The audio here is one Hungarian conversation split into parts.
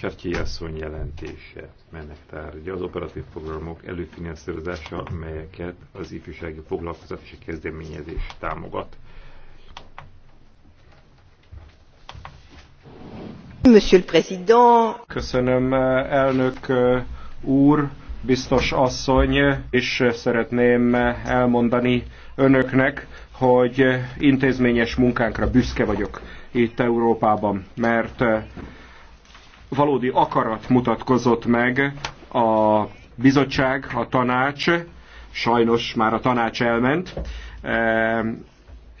Sertjé asszony jelentése, melynek tárgya az operatív programok előfinanszírozása, melyeket az ifjúsági a kezdeményezés támogat. Monsieur le Président. Köszönöm, elnök úr, biztos asszony, és szeretném elmondani önöknek, hogy intézményes munkánkra büszke vagyok itt Európában, mert valódi akarat mutatkozott meg a bizottság, a tanács, sajnos már a tanács elment, ehm,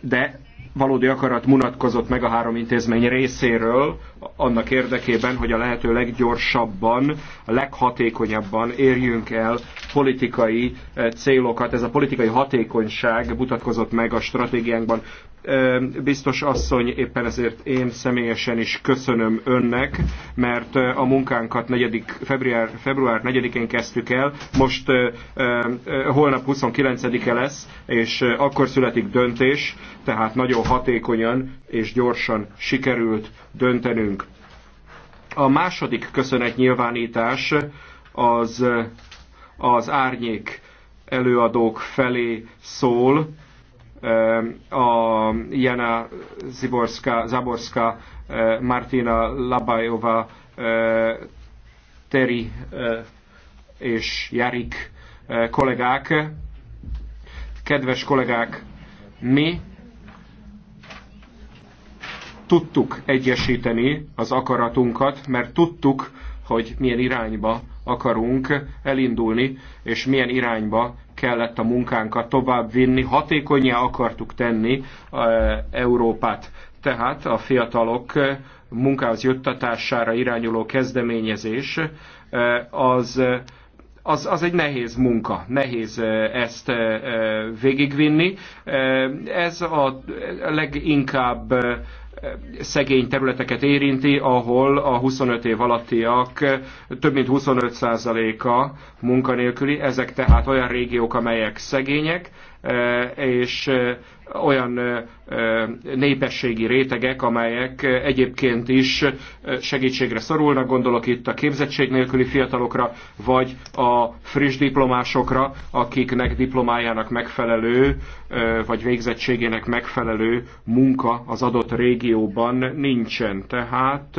de valódi akarat mutatkozott meg a három intézmény részéről annak érdekében, hogy a lehető leggyorsabban, a leghatékonyabban érjünk el politikai eh, célokat. Ez a politikai hatékonyság mutatkozott meg a stratégiánkban. Eh, biztos asszony, éppen ezért én személyesen is köszönöm önnek, mert eh, a munkánkat 4. február, február 4-én kezdtük el, most holnap 29-e lesz, és akkor születik döntés, tehát nagyon hatékonyan és gyorsan sikerült döntenünk beszélünk. A második köszönetnyilvánítás az az árnyék előadók felé szól. A Jana Ziborska, Zaborska, Martina Labajova, Teri és Jarik kollégák. Kedves kollégák, mi tudtuk egyesíteni az akaratunkat, mert tudtuk, hogy milyen irányba akarunk elindulni, és milyen irányba kellett a munkánkat tovább vinni, hatékonyá akartuk tenni Európát. Tehát a fiatalok munkához juttatására irányuló kezdeményezés az, az, az egy nehéz munka, nehéz ezt végigvinni. Ez a leginkább szegény területeket érinti, ahol a 25 év alattiak több mint 25%-a munkanélküli, ezek tehát olyan régiók, amelyek szegények, és olyan népességi rétegek, amelyek egyébként is segítségre szorulnak, gondolok itt a képzettség nélküli fiatalokra, vagy a friss diplomásokra, akiknek diplomájának megfelelő, vagy végzettségének megfelelő munka az adott régióban nincsen. Tehát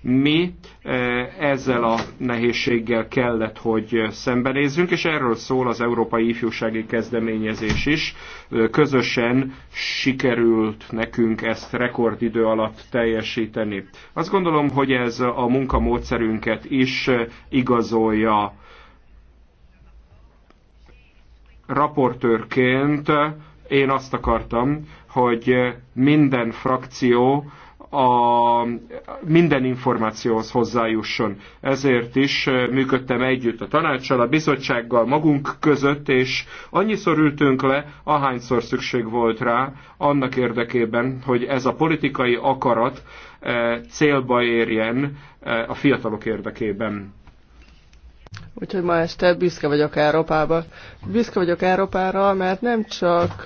mi ezzel a nehézséggel kellett, hogy szembenézzünk, és erről szól az Európai Ifjúsági Kezdeményezés is. Közösen sikerült nekünk ezt rekordidő alatt teljesíteni. Azt gondolom, hogy ez a munkamódszerünket is igazolja raportőrként én azt akartam, hogy minden frakció a minden információhoz hozzájusson. Ezért is működtem együtt a tanácssal, a bizottsággal, magunk között, és annyiszor ültünk le, ahányszor szükség volt rá, annak érdekében, hogy ez a politikai akarat célba érjen a fiatalok érdekében. Úgyhogy ma este büszke vagyok Európába. Büszke vagyok Európára, mert nem csak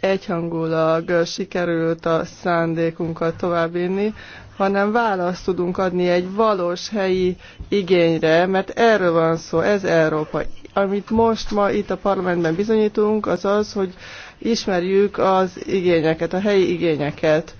egyhangulag sikerült a szándékunkat továbbvinni, hanem választ tudunk adni egy valós helyi igényre, mert erről van szó, ez Európa. Amit most ma itt a parlamentben bizonyítunk, az az, hogy ismerjük az igényeket, a helyi igényeket.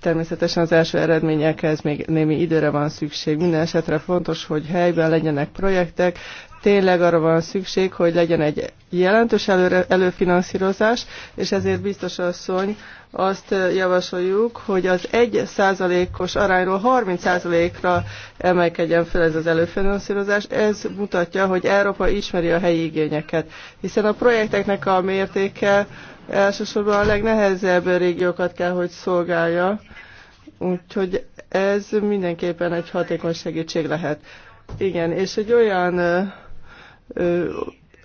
Természetesen az első eredményekhez még némi időre van szükség. Minden esetre fontos, hogy helyben legyenek projektek, tényleg arra van szükség, hogy legyen egy jelentős előre, előfinanszírozás, és ezért biztos asszony azt javasoljuk, hogy az 1 százalékos arányról 30 százalékra emelkedjen fel ez az előfinanszírozás. Ez mutatja, hogy Európa ismeri a helyi igényeket, hiszen a projekteknek a mértéke elsősorban a legnehezebb régiókat kell, hogy szolgálja, úgyhogy ez mindenképpen egy hatékony segítség lehet. Igen, és egy olyan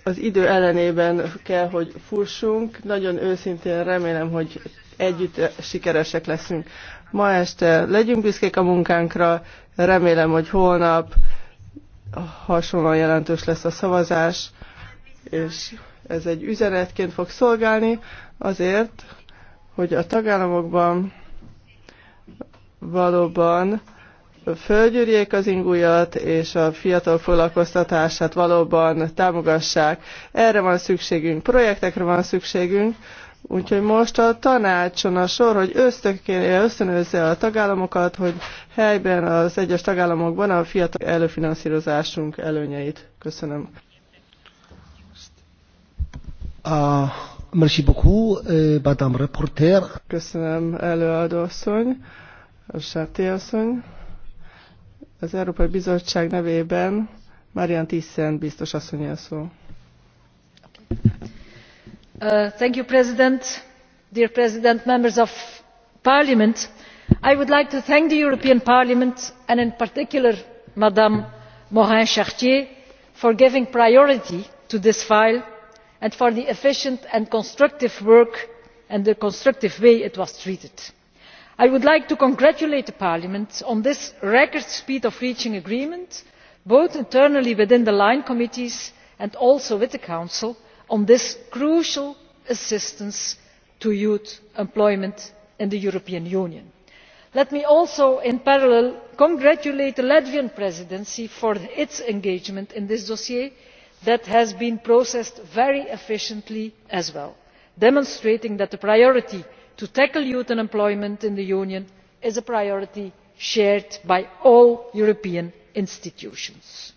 az idő ellenében kell, hogy fussunk. Nagyon őszintén remélem, hogy együtt sikeresek leszünk. Ma este legyünk büszkék a munkánkra, remélem, hogy holnap hasonlóan jelentős lesz a szavazás, és ez egy üzenetként fog szolgálni azért, hogy a tagállamokban valóban fölgyűrjék az ingújat, és a fiatal foglalkoztatását valóban támogassák. Erre van szükségünk, projektekre van szükségünk, Úgyhogy most a tanácson a sor, hogy ösztönözze a tagállamokat, hogy helyben az egyes tagállamokban a fiatal előfinanszírozásunk előnyeit. Köszönöm. A merci beaucoup, e, madame reporter. Köszönöm, előadó asszony, Sáti asszony. Az Európai Bizottság nevében Marian Thyssen biztos asszony szó. Uh, thank you, President. Dear President, members of Parliament, I would like to thank the European Parliament and in particular Madame Morin Chartier for giving priority to this file and for the efficient and constructive work and the constructive way it was treated i would like to congratulate parliament on this record speed of reaching agreement both internally within the line committees and also with the council on this crucial assistance to youth employment in the european union. let me also in parallel congratulate the latvian presidency for its engagement in this dossier which has been processed very efficiently as well demonstrating that the priority to tackle youth unemployment in the union is a priority shared by all european institutions.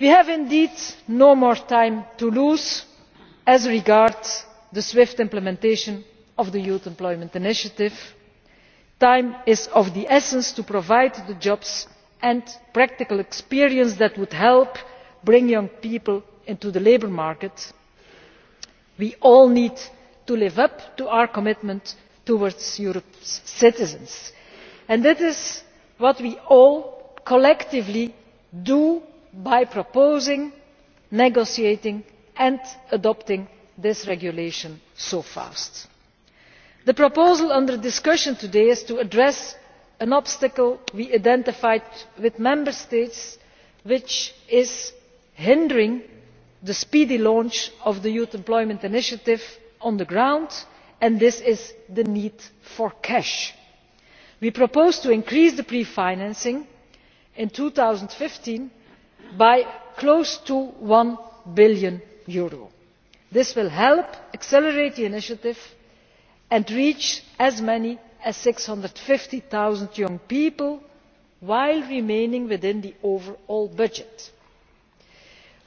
we have indeed no more time to lose as regards the swift implementation of the youth employment initiative. time is of the essence to provide the jobs and practical experience that would help bring young people into the labour market. we all need to live up to our commitment towards europe's citizens and that is what we all collectively do by proposing negotiating and adopting this regulation so fast. the proposal under discussion today is to address an obstacle we identified with member states which is hindering the speedy launch of the youth employment initiative on the ground and this is the need for cash. we propose to increase the pre financing in two thousand and fifteen by close to eur one billion. this will help accelerate the initiative and reach as many as six hundred and fifty zero young people while remaining within the overall budget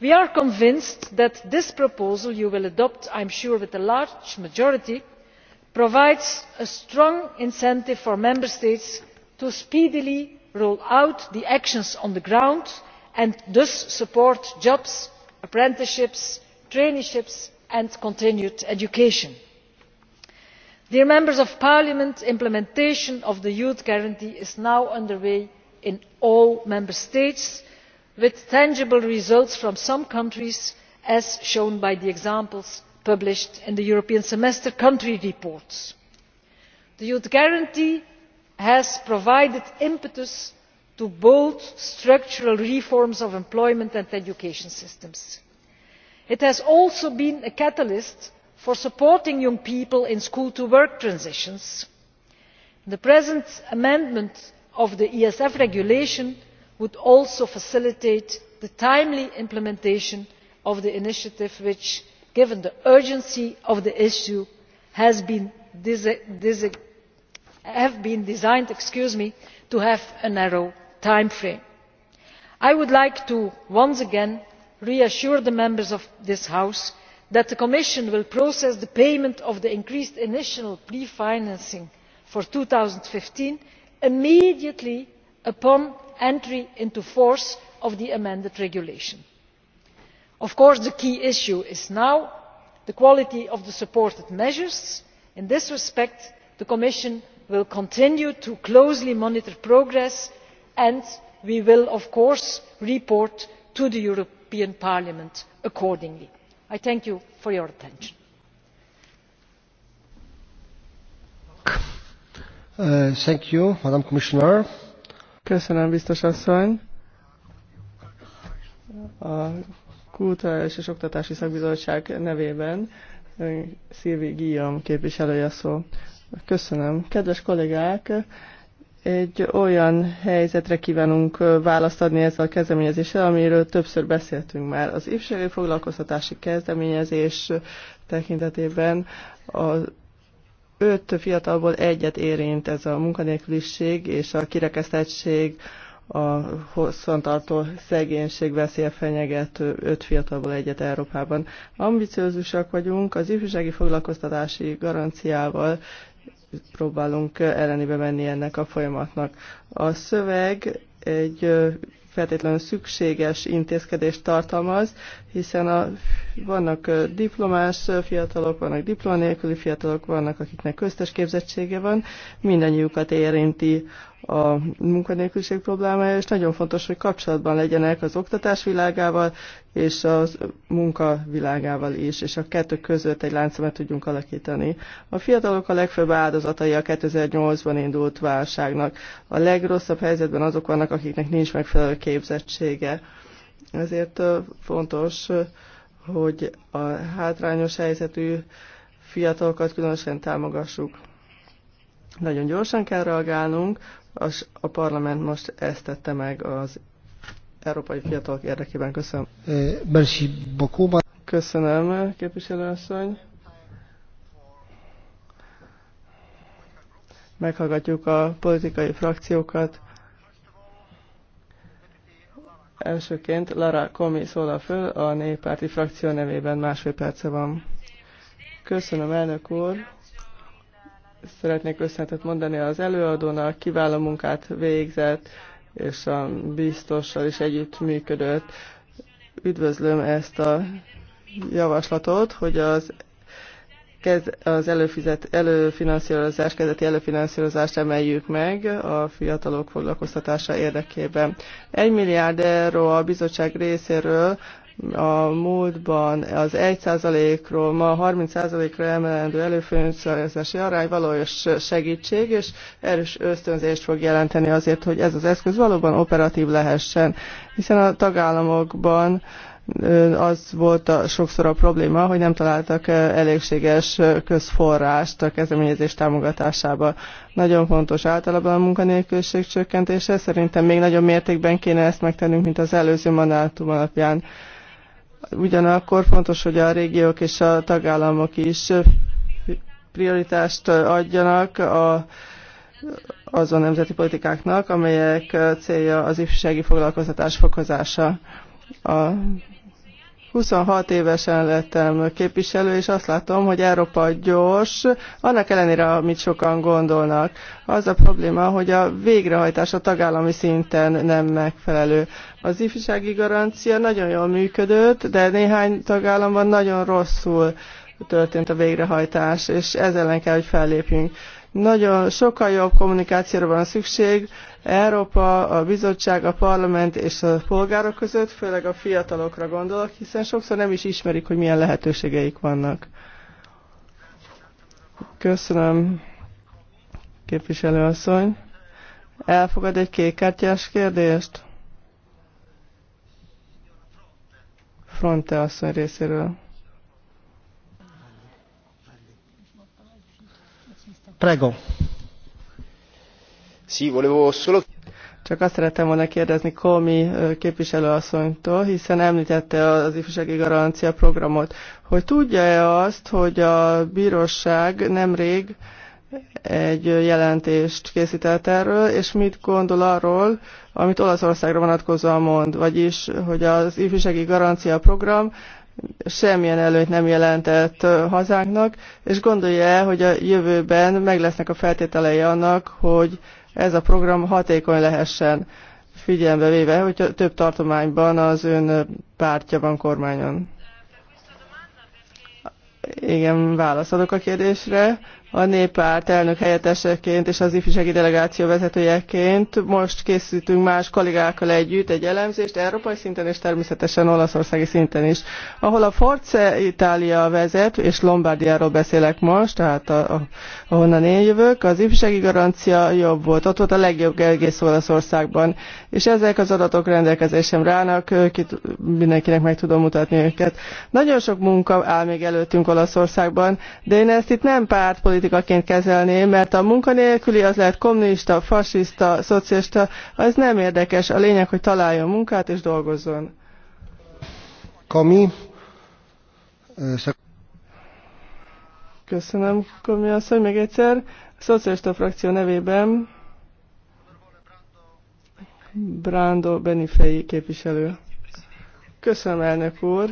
we are convinced that this proposal you will adopt i am sure with a large majority provides a strong incentive for member states to speedily roll out the actions on the ground and thus support jobs apprenticeships traineeships and continued education. implementation of the youth guarantee is now under way in all member states with tangible results from some countries as shown by the examples published in the european semester country reports. the youth guarantee has provided impetus to bold structural reforms of employment and education systems. it has also been a catalyst for supporting young people in school to work transitions. the present amendment of the esf regulation would also facilitate the timely implementation of the initiative which given the urgency of the issue has been designed to have a narrow time frame. i would like to once again reassure the members of this house that the commission will process the payment of the increased initial pre financing for two thousand and fifteen immediately upon entry into force of the amended regulation. of course the key issue is now the quality of the supported measures. in this respect the commission will continue to closely monitor progress and we will of course report to the european parliament accordingly. i thank you for your attention. Uh, thank you madam commissioner. Köszönöm, biztos asszony. A Kulturális és Oktatási Szakbizottság nevében Szilvi Guillaume képviselője szó. Köszönöm. Kedves kollégák, egy olyan helyzetre kívánunk választ adni ezzel a kezdeményezéssel, amiről többször beszéltünk már. Az ifjúsági foglalkoztatási kezdeményezés tekintetében az öt fiatalból egyet érint ez a munkanélküliség és a kirekesztettség, a hosszantartó szegénység veszélye fenyeget öt fiatalból egyet Európában. Ambiciózusak vagyunk, az ifjúsági foglalkoztatási garanciával próbálunk ellenébe menni ennek a folyamatnak. A szöveg egy feltétlenül szükséges intézkedést tartalmaz, hiszen a, vannak diplomás fiatalok, vannak diplomanélküli fiatalok, vannak akiknek köztes képzettsége van, mindannyiukat érinti a munkanélküliség problémája, és nagyon fontos, hogy kapcsolatban legyenek az oktatás világával és a munka világával is, és a kettő között egy láncemet tudjunk alakítani. A fiatalok a legfőbb áldozatai a 2008-ban indult válságnak. A legrosszabb helyzetben azok vannak, akiknek nincs megfelelő képzettsége. Ezért fontos, hogy a hátrányos helyzetű fiatalokat különösen támogassuk. Nagyon gyorsan kell reagálnunk, az, a parlament most ezt tette meg az európai fiatalok érdekében. Köszönöm. Eh, merci beaucoup. Köszönöm, képviselőasszony. Meghallgatjuk a politikai frakciókat. Elsőként Lara Komi szólal föl a néppárti frakció nevében másfél perce van. Köszönöm, elnök úr. Szeretnék összetett mondani az előadónak, kiváló munkát végzett, és a biztossal is együtt működött. Üdvözlöm ezt a javaslatot, hogy az kez, az előfizet, előfinanszírozás, kezdeti előfinanszírozást emeljük meg a fiatalok foglalkoztatása érdekében. Egy milliárd euró a bizottság részéről a múltban az 1%-ról ma 30%-ra emelendő előfinanszírozási arány valós segítség, és erős ösztönzést fog jelenteni azért, hogy ez az eszköz valóban operatív lehessen, hiszen a tagállamokban az volt a, sokszor a probléma, hogy nem találtak elégséges közforrást a kezdeményezés támogatásába. Nagyon fontos általában a munkanélküliség csökkentése, szerintem még nagyobb mértékben kéne ezt megtennünk, mint az előző mandátum alapján. Ugyanakkor fontos, hogy a régiók és a tagállamok is prioritást adjanak a, azon nemzeti politikáknak, amelyek célja az ifjúsági foglalkoztatás fokozása. A 26 évesen lettem képviselő, és azt látom, hogy Európa gyors, annak ellenére, amit sokan gondolnak. Az a probléma, hogy a végrehajtás a tagállami szinten nem megfelelő. Az ifjúsági garancia nagyon jól működött, de néhány tagállamban nagyon rosszul történt a végrehajtás, és ezzel ellen kell, hogy fellépjünk. Nagyon sokkal jobb kommunikációra van szükség, Európa, a bizottság, a parlament és a polgárok között, főleg a fiatalokra gondolok, hiszen sokszor nem is ismerik, hogy milyen lehetőségeik vannak. Köszönöm, képviselőasszony. Elfogad egy kékkártyás kérdést? Fronte asszony részéről. Prego. Csak azt szerettem volna kérdezni Komi képviselőasszonytól, hiszen említette az ifjúsági garancia programot, hogy tudja-e azt, hogy a bíróság nemrég egy jelentést készített erről, és mit gondol arról, amit Olaszországra vonatkozóan mond, vagyis, hogy az ifjúsági garancia program semmilyen előtt nem jelentett hazánknak, és gondolja e hogy a jövőben meg lesznek a feltételei annak, hogy ez a program hatékony lehessen, figyelembe véve, hogy több tartományban az ön pártja van kormányon. Igen, válaszolok a kérdésre a néppárt elnök helyetteseként és az ifjúsági delegáció vezetőjeként. Most készítünk más kollégákkal együtt egy elemzést európai szinten és természetesen olaszországi szinten is, ahol a Force Italia vezet, és Lombardiáról beszélek most, tehát a, a, ahonnan én jövök, az ifjúsági garancia jobb volt, ott volt a legjobb egész Olaszországban, és ezek az adatok rendelkezésemre állnak, kit, mindenkinek meg tudom mutatni őket. Nagyon sok munka áll még előttünk Olaszországban, de én ezt itt nem pártpolitikai politikaként kezelni, mert a munkanélküli az lehet kommunista, fasiszta, szocialista, az nem érdekes. A lényeg, hogy találjon munkát és dolgozzon. Kami. Köszönöm, Komi asszony, még egyszer. A szocialista frakció nevében Brando Benifei képviselő. Köszönöm, elnök úr.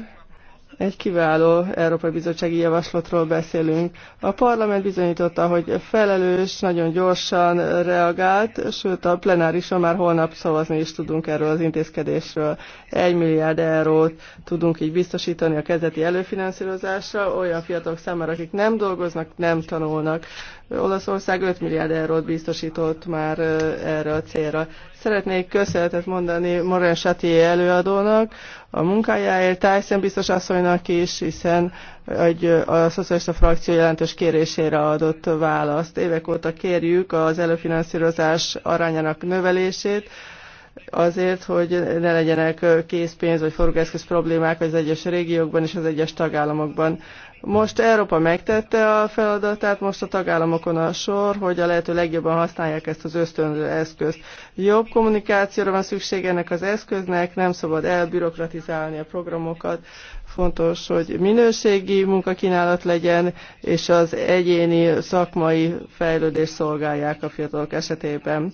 Egy kiváló Európai Bizottsági Javaslatról beszélünk. A parlament bizonyította, hogy felelős, nagyon gyorsan reagált, sőt a plenárison már holnap szavazni is tudunk erről az intézkedésről. Egy milliárd eurót tudunk így biztosítani a kezdeti előfinanszírozásra olyan fiatalok számára, akik nem dolgoznak, nem tanulnak. Olaszország 5 milliárd eurót biztosított már erre a célra. Szeretnék köszönetet mondani Morán Sati előadónak, a munkájáért, Tyson biztos asszonynak is, hiszen egy, a szocialista frakció jelentős kérésére adott választ. Évek óta kérjük az előfinanszírozás arányának növelését, azért, hogy ne legyenek készpénz vagy forgóeszköz problémák az egyes régiókban és az egyes tagállamokban. Most Európa megtette a feladatát, most a tagállamokon a sor, hogy a lehető legjobban használják ezt az ösztönző eszközt. Jobb kommunikációra van szükség ennek az eszköznek, nem szabad elbürokratizálni a programokat. Fontos, hogy minőségi munkakínálat legyen, és az egyéni szakmai fejlődés szolgálják a fiatalok esetében.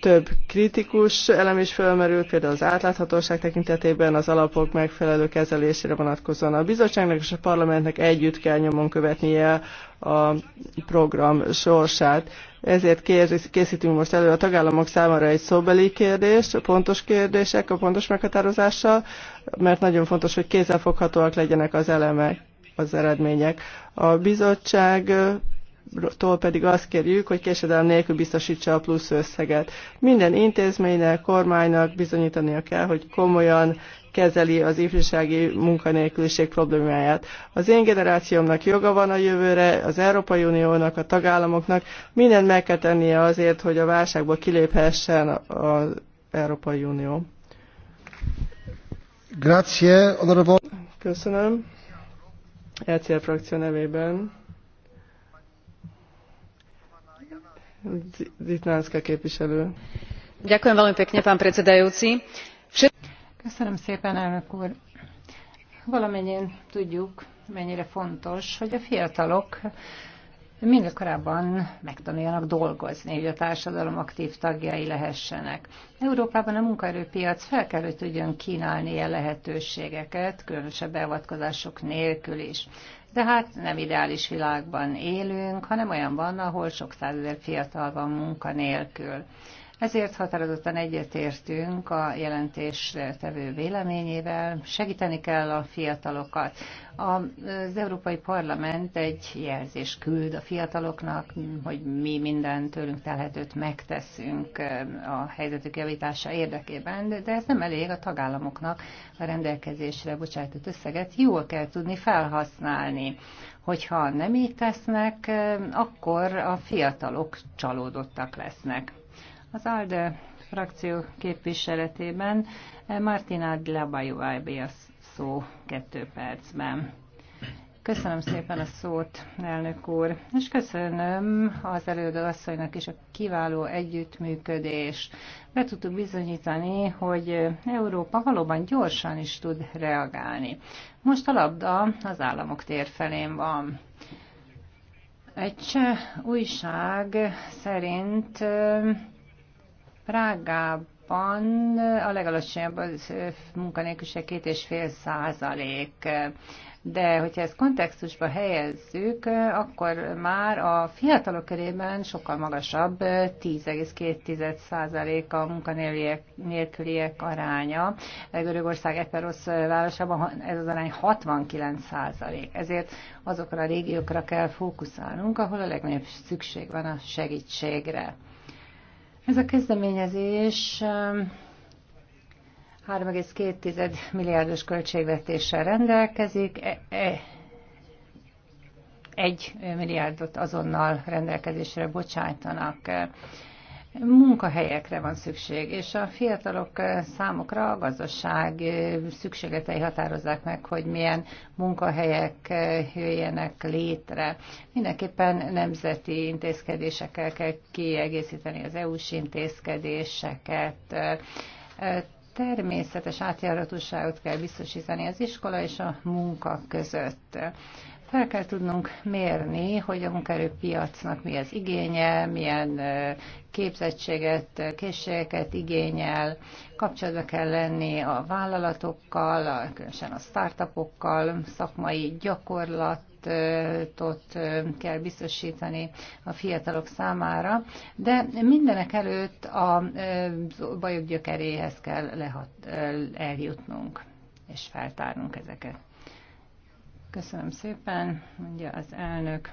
Több kritikus elem is felmerül, például az átláthatóság tekintetében az alapok megfelelő kezelésére vonatkozóan. A bizottságnak és a parlamentnek együtt kell nyomon követnie a program sorsát. Ezért készítünk most elő a tagállamok számára egy szóbeli kérdést, pontos kérdések a pontos meghatározással, mert nagyon fontos, hogy kézzelfoghatóak legyenek az elemek, az eredmények. A bizottság tól pedig azt kérjük, hogy késedelem nélkül biztosítsa a plusz összeget. Minden intézménynek, kormánynak bizonyítania kell, hogy komolyan kezeli az ifjúsági munkanélküliség problémáját. Az én generációmnak joga van a jövőre, az Európai Uniónak, a tagállamoknak mindent meg kell tennie azért, hogy a válságból kiléphessen az Európai Unió. Grazie, Köszönöm. Elcél frakció nevében. Zitnánszka képviselő. Ďakujem veľmi pekne, pán predsedajúci. Köszönöm szépen, elnök úr. Valamennyien tudjuk, mennyire fontos, hogy a fiatalok minél korábban megtanuljanak dolgozni, hogy a társadalom aktív tagjai lehessenek. Európában a munkaerőpiac fel kell, hogy tudjon kínálni ilyen lehetőségeket, különösebb beavatkozások nélkül is. Tehát nem ideális világban élünk, hanem olyan van, ahol sok százezer fiatal van munkanélkül. Ezért határozottan egyetértünk a jelentés tevő véleményével, segíteni kell a fiatalokat. Az Európai Parlament egy jelzés küld a fiataloknak, hogy mi minden tőlünk telhetőt megteszünk a helyzetük javítása érdekében, de ez nem elég a tagállamoknak a rendelkezésre bocsájtott összeget jól kell tudni felhasználni. Hogyha nem így tesznek, akkor a fiatalok csalódottak lesznek. Az ALDE frakció képviseletében Martina Dlabajová a szó kettő percben. Köszönöm szépen a szót, elnök úr, és köszönöm az előadó asszonynak is a kiváló együttműködés. Be tudtuk bizonyítani, hogy Európa valóban gyorsan is tud reagálni. Most a labda az államok tér felén van. Egy újság szerint Prágában a legalacsonyabb az munkanélküliség két és fél százalék. De hogyha ezt kontextusba helyezzük, akkor már a fiatalok körében sokkal magasabb 10,2% a munkanélküliek aránya. Görögország Eperosz városában ez az arány 69%. Ezért azokra a régiókra kell fókuszálnunk, ahol a legnagyobb szükség van a segítségre. Ez a kezdeményezés 3,2 um, milliárdos költségvetéssel rendelkezik, e, e, egy milliárdot azonnal rendelkezésre bocsájtanak munkahelyekre van szükség, és a fiatalok számokra a gazdaság szükségetei határozzák meg, hogy milyen munkahelyek jöjjenek létre. Mindenképpen nemzeti intézkedésekkel kell kiegészíteni az EU-s intézkedéseket. Természetes átjáratosságot kell biztosítani az iskola és a munka között fel kell tudnunk mérni, hogy a munkaerőpiacnak mi az igénye, milyen képzettséget, készségeket igényel, kapcsolatba kell lenni a vállalatokkal, különösen a startupokkal, szakmai gyakorlat, ott kell biztosítani a fiatalok számára, de mindenek előtt a bajok gyökeréhez kell lehat, eljutnunk és feltárnunk ezeket. Köszönöm szépen, mondja az elnök.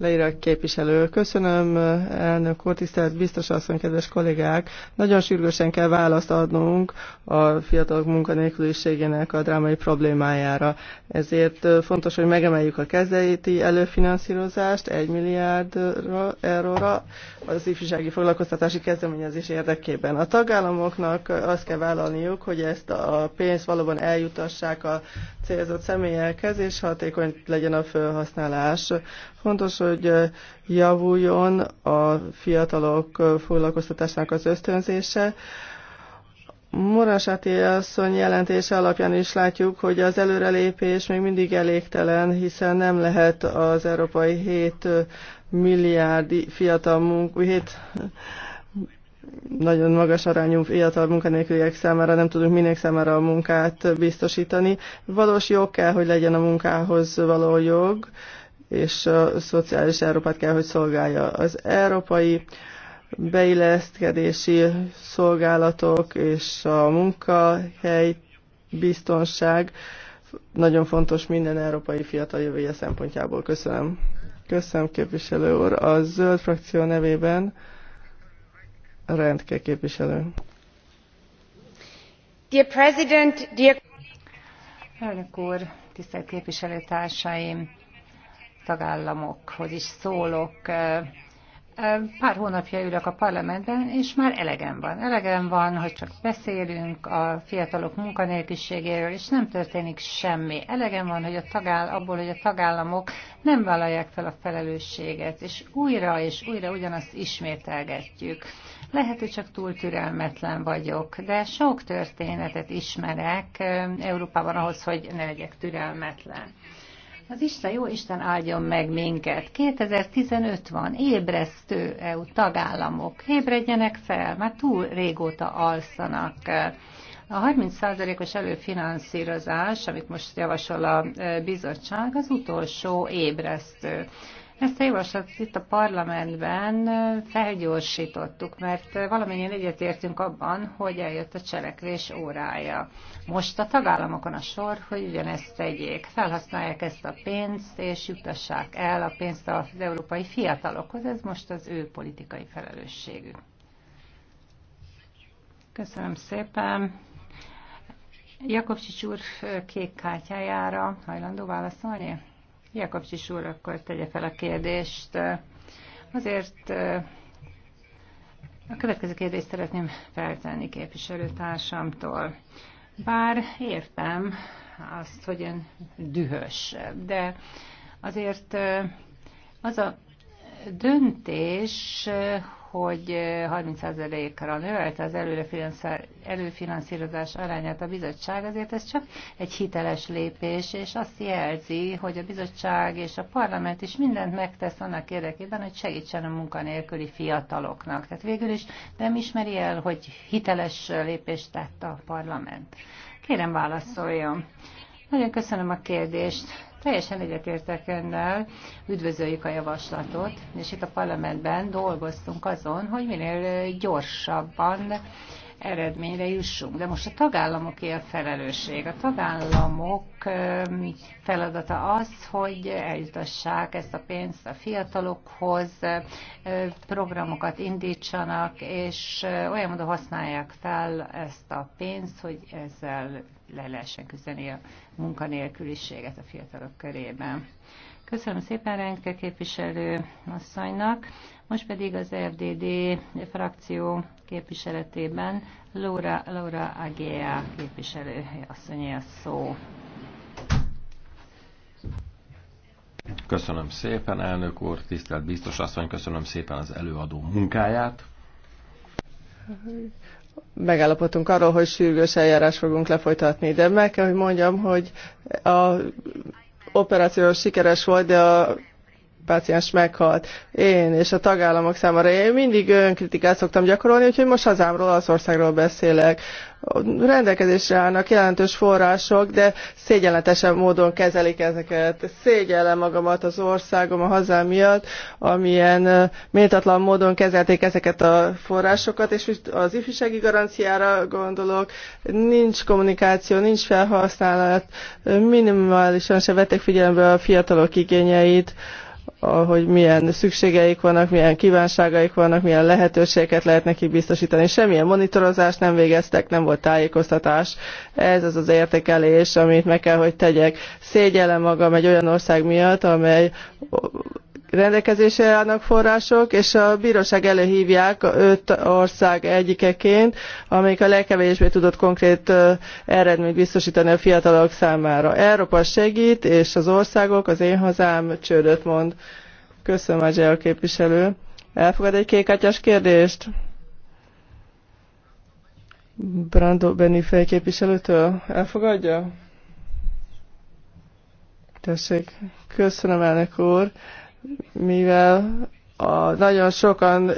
Leírak képviselő. Köszönöm, elnök úr, tisztelt biztos asszony, kedves kollégák. Nagyon sürgősen kell választ adnunk a fiatalok munkanélküliségének a drámai problémájára. Ezért fontos, hogy megemeljük a kezdeti előfinanszírozást 1 milliárd euróra az ifjúsági foglalkoztatási kezdeményezés érdekében. A tagállamoknak azt kell vállalniuk, hogy ezt a pénzt valóban eljutassák a célzott személyekhez, és hatékony legyen a felhasználás. Fontos, hogy hogy javuljon a fiatalok foglalkoztatásának az ösztönzése. Morasati asszony jelentése alapján is látjuk, hogy az előrelépés még mindig elégtelen, hiszen nem lehet az európai 7 milliárd fiatal munkú, 7 nagyon magas arányú fiatal munkanélküliek számára nem tudunk minek számára a munkát biztosítani. Valós jog kell, hogy legyen a munkához való jog, és a szociális Európát kell, hogy szolgálja. Az európai beilleszkedési szolgálatok és a munkahely biztonság nagyon fontos minden európai fiatal jövője szempontjából. Köszönöm. Köszönöm, képviselő úr. A zöld frakció nevében Rendke képviselő. Dear President, dear... Elnök úr, tisztelt képviselőtársaim! tagállamokhoz is szólok. Pár hónapja ülök a parlamentben, és már elegem van. Elegem van, hogy csak beszélünk a fiatalok munkanélküliségéről, és nem történik semmi. Elegem van, hogy a tagáll, abból, hogy a tagállamok nem vállalják fel a felelősséget, és újra és újra ugyanazt ismételgetjük. Lehet, hogy csak túl türelmetlen vagyok, de sok történetet ismerek Európában ahhoz, hogy ne legyek türelmetlen. Az Isten, jó Isten áldjon meg minket. 2015 van, ébresztő EU tagállamok. Ébredjenek fel, már túl régóta alszanak. A 30%-os előfinanszírozás, amit most javasol a e, bizottság, az utolsó ébresztő. Ezt a javaslatot itt a parlamentben felgyorsítottuk, mert valamennyien egyetértünk abban, hogy eljött a cselekvés órája. Most a tagállamokon a sor, hogy ugyanezt tegyék. Felhasználják ezt a pénzt, és jutassák el a pénzt az európai fiatalokhoz. Ez most az ő politikai felelősségük. Köszönöm szépen. Jakobcsics úr kék kártyájára hajlandó válaszolni? Jakabcsis úr akkor tegye fel a kérdést. Azért eh, a következő kérdést szeretném feltenni képviselőtársamtól. Bár értem azt, hogy ön dühös, de azért eh, az a döntés, hogy 30%-ra növelte az előfinanszírozás arányát a bizottság, azért ez csak egy hiteles lépés, és azt jelzi, hogy a bizottság és a parlament is mindent megtesz annak érdekében, hogy segítsen a munkanélküli fiataloknak. Tehát végül is nem ismeri el, hogy hiteles lépést tett a parlament. Kérem válaszoljon. Nagyon köszönöm a kérdést. Teljesen egyetértek önnel, üdvözöljük a javaslatot, és itt a parlamentben dolgoztunk azon, hogy minél gyorsabban eredményre jussunk. De most a tagállamoké a felelősség. A tagállamok feladata az, hogy eljutassák ezt a pénzt a fiatalokhoz, programokat indítsanak, és olyan módon használják fel ezt a pénzt, hogy ezzel le lehessen küzdeni a munkanélküliséget a fiatalok körében. Köszönöm szépen Renke képviselő asszonynak. Most pedig az FDD frakció képviseletében Laura, Laura Agea képviselő asszonyi a szó. Köszönöm szépen, elnök úr, tisztelt biztos asszony, köszönöm szépen az előadó munkáját. Megállapodtunk arról, hogy sürgős eljárás fogunk lefolytatni, de meg kell, hogy mondjam, hogy a operáció sikeres volt, de a páciens meghalt. Én és a tagállamok számára én mindig önkritikát szoktam gyakorolni, úgyhogy most hazámról, az országról beszélek. Rendelkezésre állnak jelentős források, de szégyenletesen módon kezelik ezeket. Szégyellem magamat az országom, a hazám miatt, amilyen méltatlan módon kezelték ezeket a forrásokat, és az ifjúsági garanciára gondolok, nincs kommunikáció, nincs felhasználat, minimálisan se vették figyelembe a fiatalok igényeit hogy milyen szükségeik vannak, milyen kívánságaik vannak, milyen lehetőségeket lehet nekik biztosítani. Semmilyen monitorozást nem végeztek, nem volt tájékoztatás. Ez az az értékelés, amit meg kell, hogy tegyek. Szégyellem magam egy olyan ország miatt, amely rendelkezésre állnak források, és a bíróság előhívják öt ország egyikeként, amelyik a legkevésbé tudott konkrét eredményt biztosítani a fiatalok számára. Európa segít, és az országok, az én hazám csődöt mond. Köszönöm, Ágyel képviselő. Elfogad egy kékátyás kérdést? Brando Benni felképviselőtől elfogadja? Tessék, köszönöm elnök úr mivel a nagyon sokan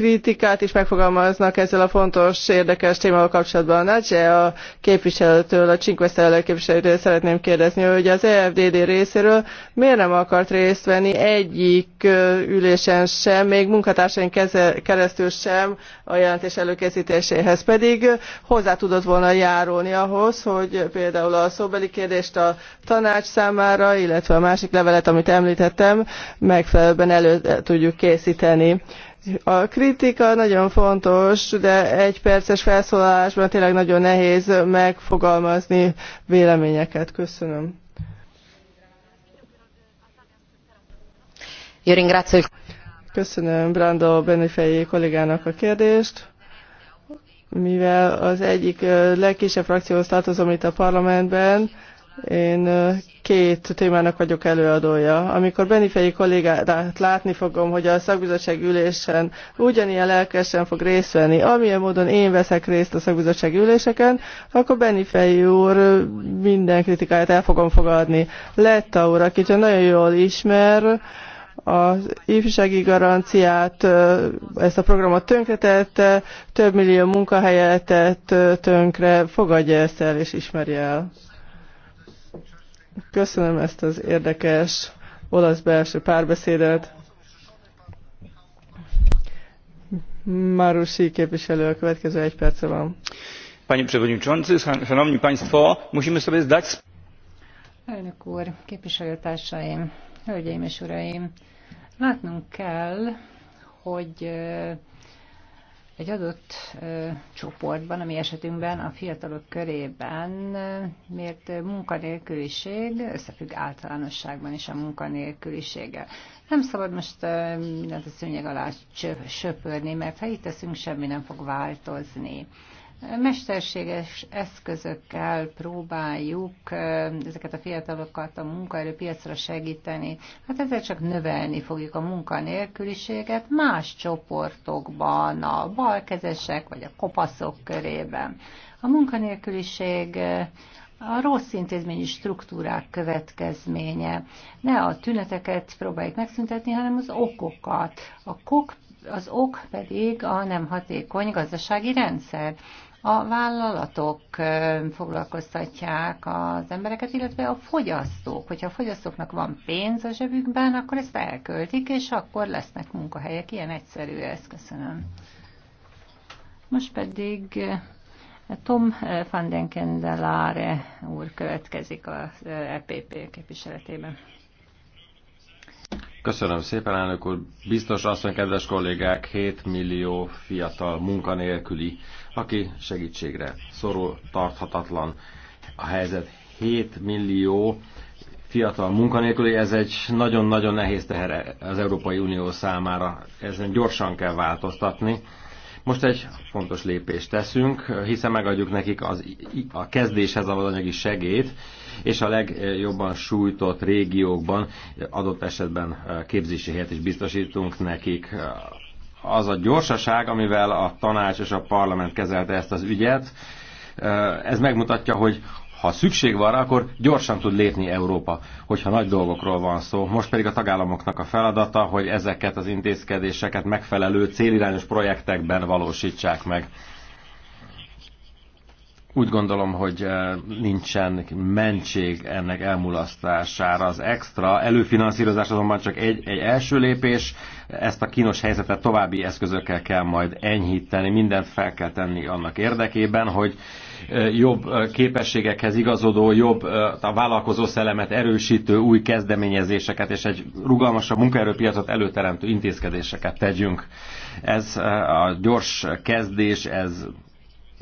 kritikát is megfogalmaznak ezzel a fontos, érdekes témával kapcsolatban. Nagy a képviselőtől, a Csinkveszterelő képviselőtől szeretném kérdezni, hogy az EFDD részéről miért nem akart részt venni egyik ülésen sem, még munkatársain keresztül sem a jelentés előkészítéséhez. Pedig hozzá tudott volna járulni ahhoz, hogy például a szóbeli kérdést a tanács számára, illetve a másik levelet, amit említettem, megfelelően elő tudjuk készíteni a kritika nagyon fontos, de egy perces felszólalásban tényleg nagyon nehéz megfogalmazni véleményeket. Köszönöm. Köszönöm Brando Benifei kollégának a kérdést. Mivel az egyik legkisebb frakcióhoz tartozom itt a parlamentben, én két témának vagyok előadója. Amikor Fejé kollégát látni fogom, hogy a szakbizottság ülésen ugyanilyen lelkesen fog részt venni, amilyen módon én veszek részt a szakbizottság üléseken, akkor Fejé úr minden kritikáját el fogom fogadni. Letta úr, akit nagyon jól ismer, az ifjúsági garanciát, ezt a programot tönkretette, több millió munkahelyet tett tönkre, fogadja ezt el és ismeri el. Köszönöm ezt az érdekes olasz belső párbeszédet. Marusi képviselő, a következő egy perce van. Panie Przewodniczący, Szanowni Państwo, musimy sobie zdać... Elnök úr, képviselőtársaim, hölgyeim és uraim, látnunk kell, hogy egy adott csoportban, mi esetünkben a fiatalok körében miért munkanélküliség összefügg általánosságban is a munkanélküliséggel. Nem szabad most mindent a szőnyeg alá söpörni, mert ha itt teszünk, semmi nem fog változni mesterséges eszközökkel próbáljuk ezeket a fiatalokat a munkaerőpiacra segíteni. Hát ezzel csak növelni fogjuk a munkanélküliséget más csoportokban, a balkezesek vagy a kopaszok körében. A munkanélküliség a rossz intézményi struktúrák következménye. Ne a tüneteket próbáljuk megszüntetni, hanem az okokat. A kok, az ok pedig a nem hatékony gazdasági rendszer. A vállalatok foglalkoztatják az embereket, illetve a fogyasztók. Hogyha a fogyasztóknak van pénz a zsebükben, akkor ezt elköltik, és akkor lesznek munkahelyek. Ilyen egyszerű ez. Köszönöm. Most pedig Tom van den Kendelare úr következik az EPP képviseletében. Köszönöm szépen, elnök úr. Biztos asszony, kedves kollégák, 7 millió fiatal munkanélküli, aki segítségre szorul, tarthatatlan a helyzet. 7 millió fiatal munkanélküli, ez egy nagyon-nagyon nehéz teher az Európai Unió számára. Ezen gyorsan kell változtatni. Most egy fontos lépést teszünk, hiszen megadjuk nekik az, a kezdéshez a anyagi segét, és a legjobban sújtott régiókban adott esetben eh, képzési helyet is biztosítunk nekik az a gyorsaság, amivel a tanács és a parlament kezelte ezt az ügyet, eh, ez megmutatja, hogy ha szükség van rá, akkor gyorsan tud lépni Európa, hogyha nagy dolgokról van szó. Most pedig a tagállamoknak a feladata, hogy ezeket az intézkedéseket megfelelő célirányos projektekben valósítsák meg. Úgy gondolom, hogy eh, nincsen mentség ennek elmulasztására. Az extra előfinanszírozás azonban csak egy, egy első lépés, ezt a kínos helyzetet további eszközökkel kell majd enyhíteni, mindent fel kell tenni annak érdekében, hogy jobb képességekhez igazodó, jobb a vállalkozó szellemet erősítő új kezdeményezéseket és egy rugalmasabb munkaerőpiacot előteremtő intézkedéseket tegyünk. Ez a gyors kezdés, ez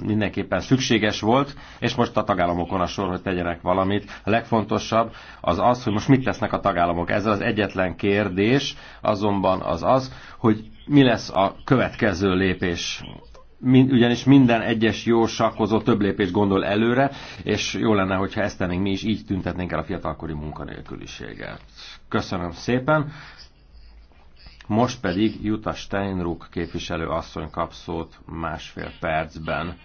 mindenképpen szükséges volt, és most a tagállamokon a sor, hogy tegyenek valamit. A legfontosabb az az, hogy most mit tesznek a tagállamok. Ez az egyetlen kérdés, azonban az az, hogy mi lesz a következő lépés. Mind, ugyanis minden egyes jó sakkozó több lépést gondol előre, és jó lenne, hogyha ezt tennénk mi is, így tüntetnénk el a fiatalkori munkanélküliséget. Köszönöm szépen. Most pedig Jutta Steinruck képviselő asszony kap szót másfél percben.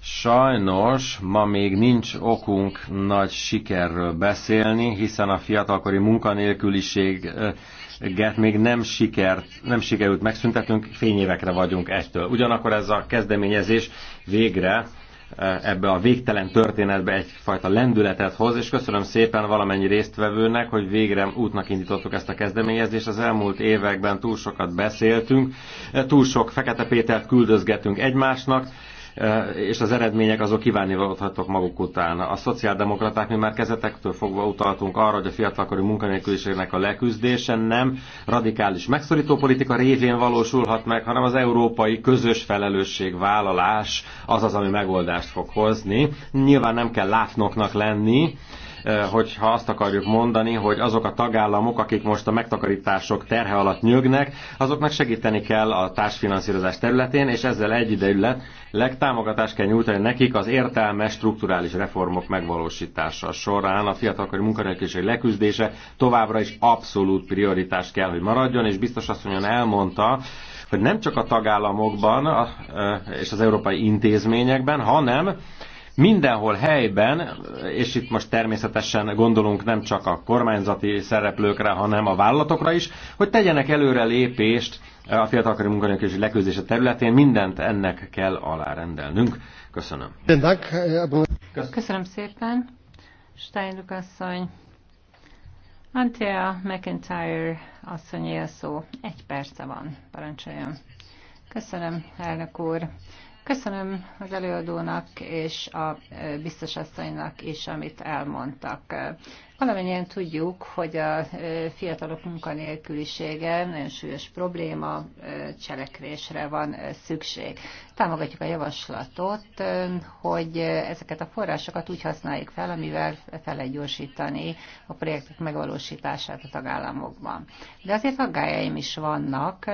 Sajnos ma még nincs okunk nagy sikerről beszélni, hiszen a fiatalkori munkanélküliség egyet még nem, sikert, nem sikerült megszüntetnünk, fényévekre vagyunk eztől. Ugyanakkor ez a kezdeményezés végre eh, ebbe a végtelen történetbe egyfajta lendületet hoz, és köszönöm szépen valamennyi résztvevőnek, hogy végre útnak indítottuk ezt a kezdeményezést. Az elmúlt években túl sokat beszéltünk, eh, túl sok Fekete Pétert küldözgetünk egymásnak, Eh, és az eredmények azok kívánnivalódhatók maguk után. A szociáldemokraták mi már kezetektől fogva utaltunk arra, hogy a fiatalkori munkanélküliségnek a leküzdése nem radikális megszorító politika révén valósulhat meg, hanem az európai közös felelősség vállalás az az, ami megoldást fog hozni. Nyilván nem kell látnoknak lenni, Eh, hogyha azt akarjuk mondani, hogy azok a tagállamok, akik most a megtakarítások terhe alatt nyögnek, azoknak segíteni kell a társfinanszírozás területén, és ezzel egyidejűleg támogatást kell nyújtani nekik az értelmes strukturális reformok megvalósítása során. A fiatalkori munkanélküliség leküzdése továbbra is abszolút prioritás kell, hogy maradjon, és biztos asszonyon elmondta, hogy nem csak a tagállamokban eh, és az európai intézményekben, hanem mindenhol helyben, és itt most természetesen gondolunk nem csak a kormányzati szereplőkre, hanem a vállalatokra is, hogy tegyenek előre lépést a fiatalkori és leküzdése területén, mindent ennek kell alárendelnünk. Köszönöm. Köszönöm szépen. Steinluk asszony. Antia McIntyre asszonyé a szó. Egy perce van, parancsoljon. Köszönöm, elnök úr. Köszönöm az előadónak és a biztos asszonynak is, amit elmondtak. Valamennyien tudjuk, hogy a fiatalok munkanélkülisége nagyon súlyos probléma, cselekvésre van szükség. Támogatjuk a javaslatot, hogy ezeket a forrásokat úgy használjuk fel, amivel fel lehet gyorsítani a projektek megvalósítását a tagállamokban. De azért aggájaim is vannak.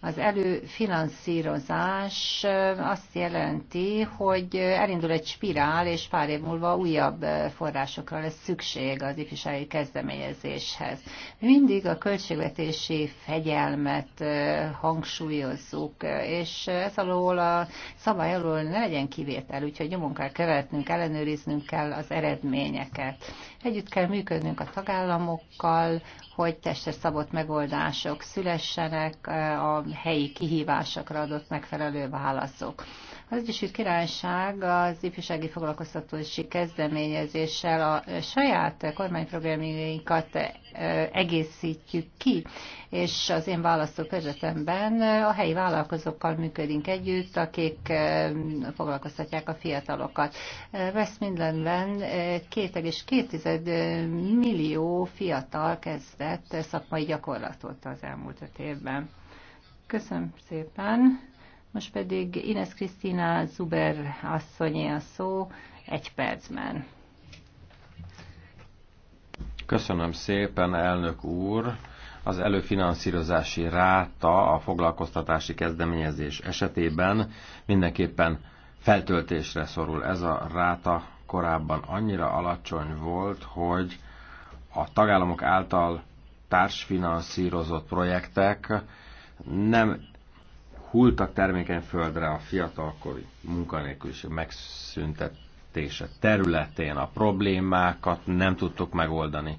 Az előfinanszírozás azt jelenti, hogy elindul egy spirál, és pár év múlva újabb forrásokra lesz szükség az képviselői kezdeményezéshez. mindig a költségvetési fegyelmet hangsúlyozzuk, és ez alól a szabály alól ne legyen kivétel, úgyhogy nyomon kell követnünk, ellenőriznünk kell az eredményeket. Együtt kell működnünk a tagállamokkal, hogy testre szabott megoldások szülessenek, a helyi kihívásokra adott megfelelő válaszok. Az Egyesült Királyság az ifjúsági foglalkoztatási kezdeményezéssel a saját kormányprogramjainkat eh, egészítjük ki, és az én közvetemben a helyi vállalkozókkal működünk együtt, akik eh, foglalkoztatják a fiatalokat. Eh, West két 2,2 több millió fiatal kezdett szakmai gyakorlatot az elmúlt öt évben. Köszönöm szépen. Most pedig Ines Krisztina Zuber asszonyé a szó egy percben. Köszönöm szépen, elnök úr! Az előfinanszírozási ráta a foglalkoztatási kezdeményezés esetében mindenképpen feltöltésre szorul. Ez a ráta korábban annyira alacsony volt, hogy a tagállamok által társfinanszírozott projektek nem hultak termékeny földre a fiatalkori munkanélküliség megszüntetése területén. A problémákat nem tudtuk megoldani.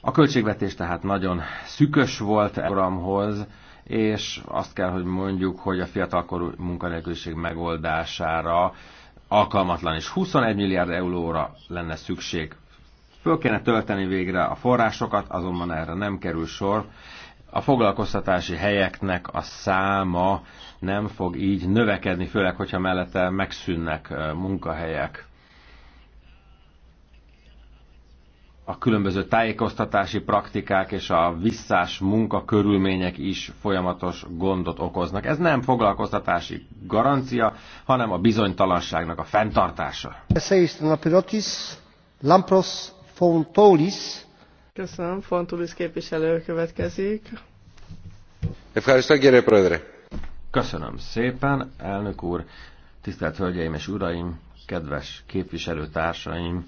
A költségvetés tehát nagyon szükös volt a e programhoz, és azt kell, hogy mondjuk, hogy a fiatalkorú munkanélküliség megoldására alkalmatlan, és 21 milliárd euróra lenne szükség. Föl kéne tölteni végre a forrásokat, azonban erre nem kerül sor. A foglalkoztatási helyeknek a száma nem fog így növekedni, főleg, hogyha mellette megszűnnek munkahelyek. a különböző tájékoztatási praktikák és a visszás munkakörülmények is folyamatos gondot okoznak. Ez nem foglalkoztatási garancia, hanem a bizonytalanságnak a fenntartása. Lampros Köszönöm, Fontolis képviselő következik. Köszönöm szépen, elnök úr, tisztelt hölgyeim és uraim, kedves képviselőtársaim!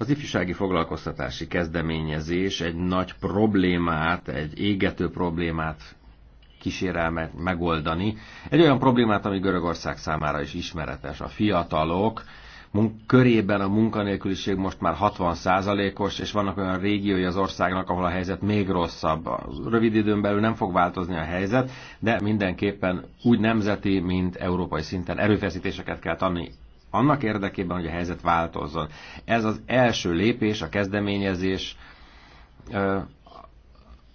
Az ifjúsági foglalkoztatási kezdeményezés egy nagy problémát, egy égető problémát kísérel meg, megoldani. Egy olyan problémát, ami Görögország számára is ismeretes. A fiatalok munk körében a munkanélküliség most már 60%-os, és vannak olyan régiói az országnak, ahol a helyzet még rosszabb. A rövid időn belül nem fog változni a helyzet, de mindenképpen úgy nemzeti, mint európai szinten erőfeszítéseket kell tanni annak érdekében, hogy a helyzet változzon. Ez az első lépés, a kezdeményezés.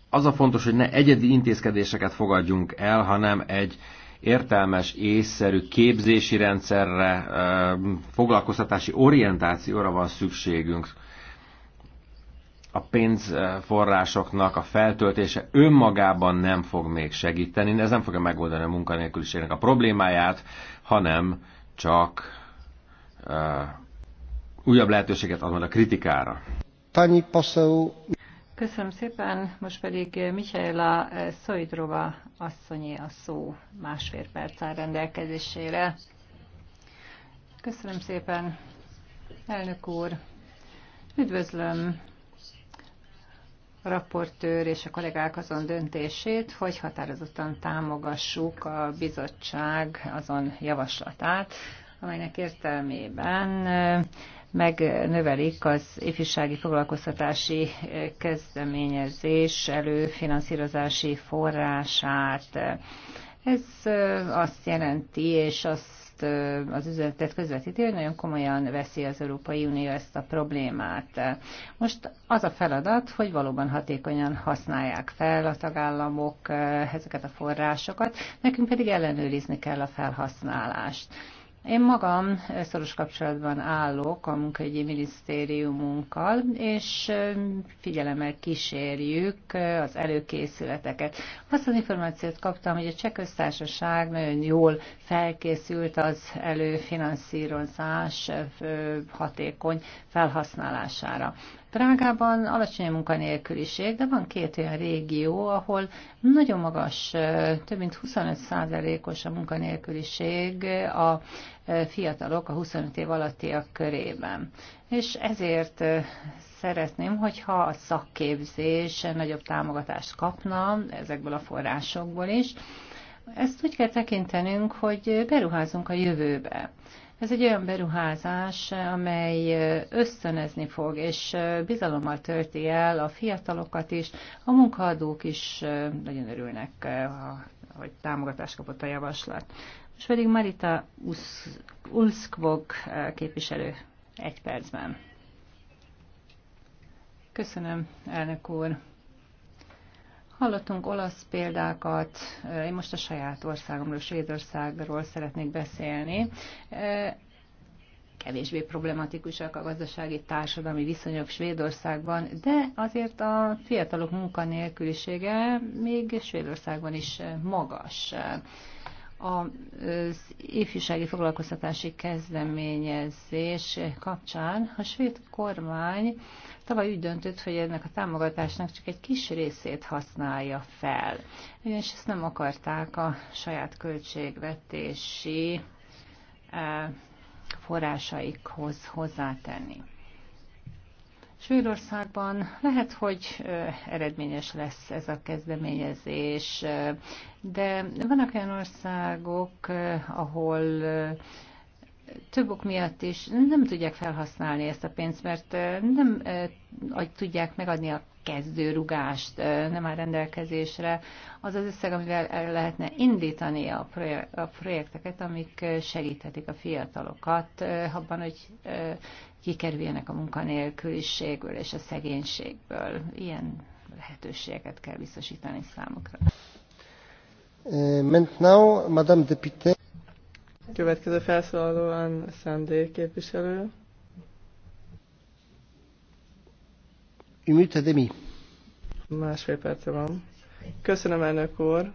Az a fontos, hogy ne egyedi intézkedéseket fogadjunk el, hanem egy értelmes, észszerű képzési rendszerre, foglalkoztatási orientációra van szükségünk. A pénzforrásoknak a feltöltése önmagában nem fog még segíteni, ez nem fogja megoldani a munkanélküliségnek a problémáját, hanem csak Uh, újabb lehetőséget ad majd a kritikára. Pani poseł... Köszönöm szépen, most pedig Michaela Szoidrova asszonyé a szó másfél perc áll rendelkezésére. Köszönöm szépen, elnök úr. Üdvözlöm a raportőr és a kollégák azon döntését, hogy határozottan támogassuk a bizottság azon javaslatát, amelynek értelmében megnövelik az ifjúsági foglalkoztatási kezdeményezés előfinanszírozási forrását. Ez azt jelenti, és azt az üzenetet közvetíti, hogy nagyon komolyan veszi az Európai Unió ezt a problémát. Most az a feladat, hogy valóban hatékonyan használják fel a tagállamok ezeket a forrásokat, nekünk pedig ellenőrizni kell a felhasználást. Én magam szoros kapcsolatban állok a munkahogyi minisztériumunkkal, és figyelemmel kísérjük az előkészületeket. Azt az információt kaptam, hogy a Cseh Köztársaság nagyon jól felkészült az előfinanszírozás hatékony felhasználására. Prágában alacsony a munkanélküliség, de van két olyan régió, ahol nagyon magas, több mint 25%-os a munkanélküliség a e, fiatalok, a 25 év alattiak körében. És ezért e, szeretném, hogyha a szakképzés nagyobb támogatást kapna ezekből a forrásokból is. Ezt úgy kell tekintenünk, hogy beruházunk a jövőbe. Ez egy olyan beruházás, amely ösztönözni fog, és bizalommal tölti el a fiatalokat is, a munkahadók is nagyon örülnek, hogy támogatást kapott a javaslat. Most pedig Marita Ulskvog képviselő egy percben. Köszönöm, elnök úr. Hallottunk olasz példákat, én most a saját országomról, Svédországról szeretnék beszélni e, kevésbé problematikusak a gazdasági társadalmi viszonyok Svédországban, de azért a fiatalok munkanélkülisége még Svédországban is magas az ifjúsági foglalkoztatási kezdeményezés kapcsán a svéd kormány tavaly úgy döntött, hogy ennek a támogatásnak csak egy kis részét használja fel, ugyanis ezt nem akarták a saját költségvetési eh, forrásaikhoz hozzátenni. Svédországban lehet, hogy eredményes lesz ez a kezdeményezés, de vannak olyan országok, ahol több ok miatt is nem tudják felhasználni ezt a pénzt, mert nem tudják megadni a kezdőrugást, nem áll rendelkezésre az az összeg, amivel el lehetne indítani a, projek- a projekteket, amik segíthetik a fiatalokat abban, hogy kikerüljenek a munkanélküliségből és a szegénységből. Ilyen lehetőségeket kell biztosítani számukra. Eh, Ment now, Madame Deputé. Következő felszólalóan Szendé képviselő. Ümüte de mi? Másfél perce van. Köszönöm, elnök úr.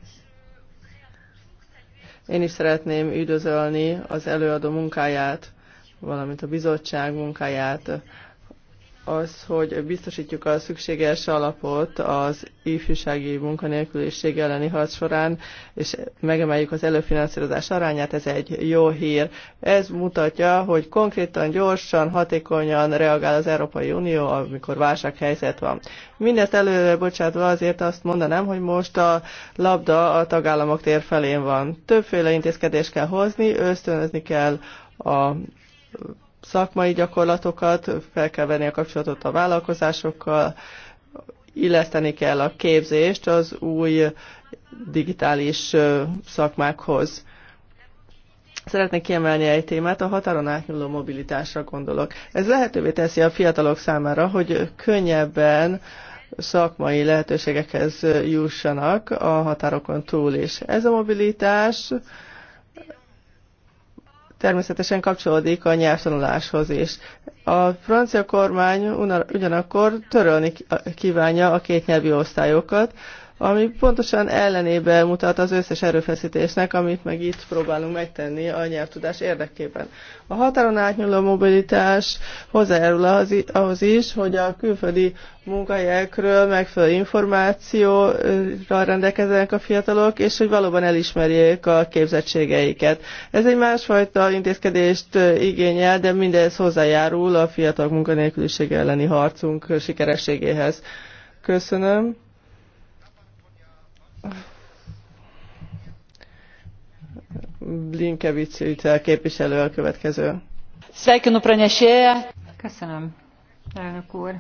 Én is szeretném üdvözölni az előadó munkáját valamint a bizottság munkáját. Az, hogy biztosítjuk a szükséges alapot az ifjúsági munkanélküliség elleni harc során, és megemeljük az előfinanszírozás arányát, ez egy jó hír. Ez mutatja, hogy konkrétan, gyorsan, hatékonyan reagál az Európai Unió, amikor válsághelyzet van. Mindezt előre bocsátva azért azt mondanám, hogy most a labda a tagállamok tér felén van. Többféle intézkedést kell hozni, ösztönözni kell a szakmai gyakorlatokat, fel kell venni a kapcsolatot a vállalkozásokkal, illeszteni kell a képzést az új digitális szakmákhoz. Szeretnék kiemelni egy témát, a határon átnyúló mobilitásra gondolok. Ez lehetővé teszi a fiatalok számára, hogy könnyebben szakmai lehetőségekhez jussanak a határokon túl is. Ez a mobilitás természetesen kapcsolódik a nyelvtanuláshoz is. A francia kormány ugyanakkor törölni kívánja a kétnyelvi osztályokat, ami pontosan ellenébe mutat az összes erőfeszítésnek, amit meg itt próbálunk megtenni a nyelvtudás érdekében. A határon átnyúló mobilitás hozzájárul ahhoz is, hogy a külföldi munkahelyekről megfelelő információra rendelkezzenek a fiatalok, és hogy valóban elismerjék a képzettségeiket. Ez egy másfajta intézkedést igényel, de mindez hozzájárul a fiatal munkanélküliség elleni harcunk sikerességéhez. Köszönöm. Blinkevics képviselő a következő. Sveikinu pranešėją. Köszönöm, elnök úr.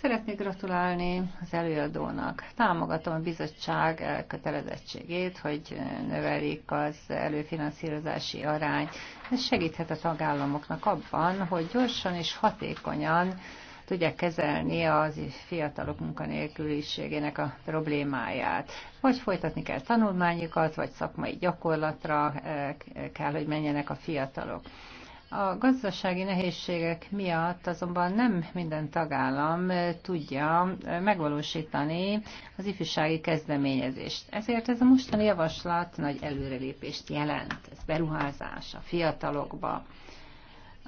Szeretnék gratulálni az előadónak. Támogatom a bizottság elkötelezettségét, hogy növelik az előfinanszírozási arány. Ez segíthet a tagállamoknak abban, hogy gyorsan és hatékonyan tudják kezelni az fiatalok munkanélküliségének a problémáját. Vagy folytatni kell tanulmányokat, vagy szakmai gyakorlatra eh, kell, hogy menjenek a fiatalok. A gazdasági nehézségek miatt azonban nem minden tagállam eh, tudja eh, megvalósítani az ifjúsági kezdeményezést. Ezért ez a mostani javaslat nagy előrelépést jelent. Ez beruházás a fiatalokba.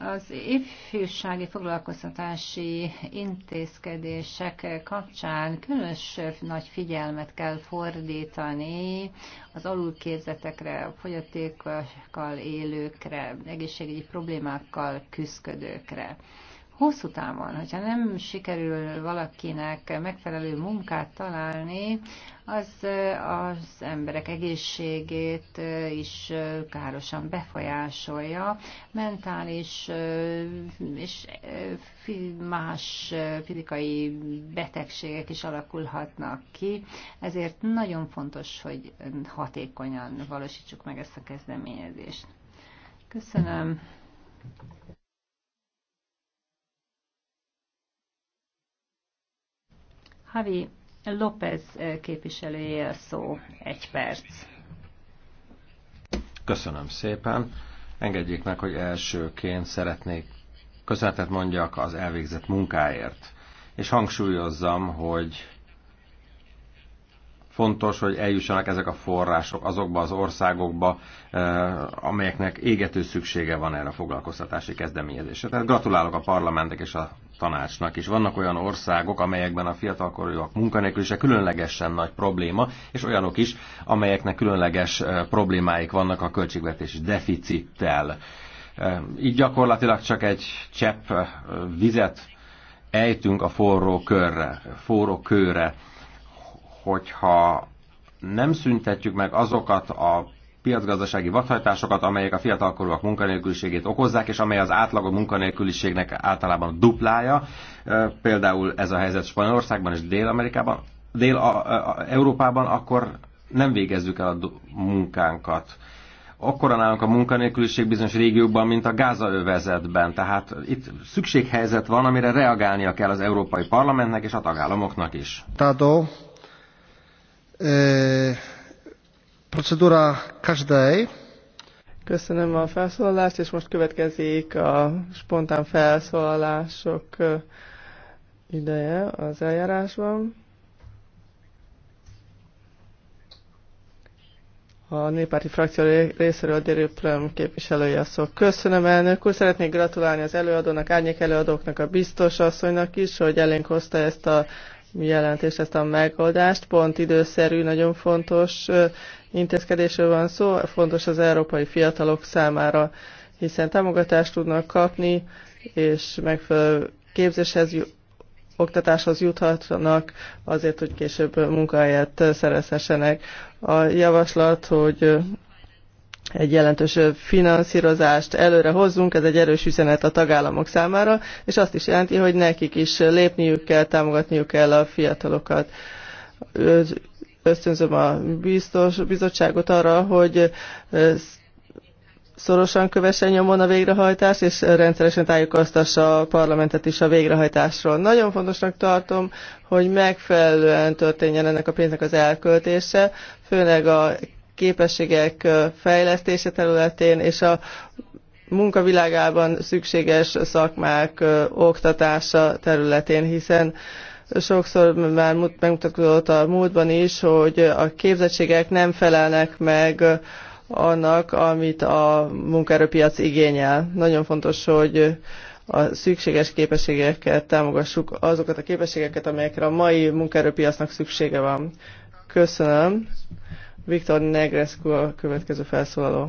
Az ifjúsági foglalkoztatási intézkedések kapcsán különös nagy figyelmet kell fordítani az alulképzetekre, a fogyatékkal élőkre, egészségügyi problémákkal küzdködőkre hosszú távon, hogyha nem sikerül valakinek megfelelő munkát találni, az az emberek egészségét is károsan befolyásolja, mentális és más fizikai betegségek is alakulhatnak ki, ezért nagyon fontos, hogy hatékonyan valósítsuk meg ezt a kezdeményezést. Köszönöm. Javi López eh, képviselője a szó. Egy perc. Köszönöm szépen. Engedjék meg, hogy elsőként szeretnék köszönetet mondjak az elvégzett munkáért. És hangsúlyozzam, hogy fontos, hogy eljussanak ezek a források azokba az országokba, eh, amelyeknek égető szüksége van erre a foglalkoztatási kezdeményezésre. Tehát gratulálok a parlamentek és a tanácsnak is. Vannak olyan országok, amelyekben a fiatalkorúak munkanélkülése különlegesen nagy probléma, és olyanok is, amelyeknek különleges problémáik vannak a költségvetési deficittel. Így gyakorlatilag csak egy csepp vizet ejtünk a forró körre, forró kőre, hogyha nem szüntetjük meg azokat a piacgazdasági vadhajtásokat, amelyek a fiatalkorúak munkanélküliségét okozzák, és amely az átlagos munkanélküliségnek általában duplája. Például ez a helyzet Spanyolországban és Dél-Amerikában, Dél-Európában, akkor nem végezzük el a munkánkat. Akkor nálunk a munkanélküliség bizonyos régiókban, mint a gázaövezetben. Tehát itt szükséghelyzet van, amire reagálnia kell az Európai Parlamentnek és a tagállamoknak is. Tado, eh Procedura každej. Köszönöm a felszólalást, és most következik a spontán felszólalások ideje az eljárásban. a néppárti frakció részéről Dérő Pröm képviselője szó. Köszönöm, elnök úr. Szeretnék gratulálni az előadónak, árnyék előadóknak, a biztos asszonynak is, hogy elénk hozta ezt a jelentést, ezt a megoldást. Pont időszerű, nagyon fontos intézkedésről van szó, fontos az európai fiatalok számára, hiszen támogatást tudnak kapni, és megfelelő képzéshez, oktatáshoz juthatnak azért, hogy később munkáját szerezhessenek. A javaslat, hogy egy jelentős finanszírozást előre hozzunk, ez egy erős üzenet a tagállamok számára, és azt is jelenti, hogy nekik is lépniük kell, támogatniuk kell a fiatalokat ösztönzöm a biztos, bizottságot arra, hogy szorosan kövessen nyomon a végrehajtás és rendszeresen tájékoztassa a parlamentet is a végrehajtásról. Nagyon fontosnak tartom, hogy megfelelően történjen ennek a pénznek az elköltése, főleg a képességek fejlesztése területén, és a munkavilágában szükséges szakmák oktatása területén, hiszen sokszor már megmutatkozott a múltban is, hogy a képzettségek nem felelnek meg annak, amit a munkaerőpiac igényel. Nagyon fontos, hogy a szükséges képességeket támogassuk, azokat a képességeket, amelyekre a mai munkaerőpiacnak szüksége van. Köszönöm. Viktor Negrescu a következő felszólaló.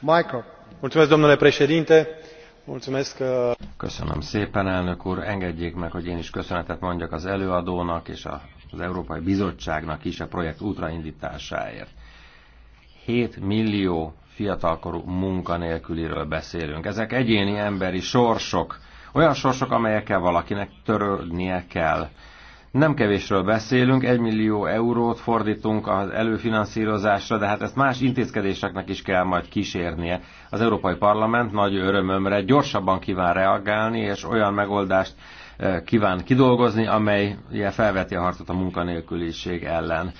Michael. Mulțumesc, domnule președinte Uh, Köszönöm szépen, elnök úr. Engedjék meg, hogy én is köszönetet mondjak az előadónak és az Európai Bizottságnak is a projekt útraindításáért. 7 millió fiatalkorú munkanélküliről beszélünk. Ezek egyéni emberi sorsok, olyan sorsok, amelyekkel valakinek törődnie kell. Nem kevésről beszélünk, 1 millió eurót fordítunk az előfinanszírozásra, de hát ezt más intézkedéseknek is kell majd kísérnie. Az Európai Parlament nagy örömömre gyorsabban kíván reagálni, és olyan megoldást eh, kíván kidolgozni, amely felveti a harcot a munkanélküliség ellen.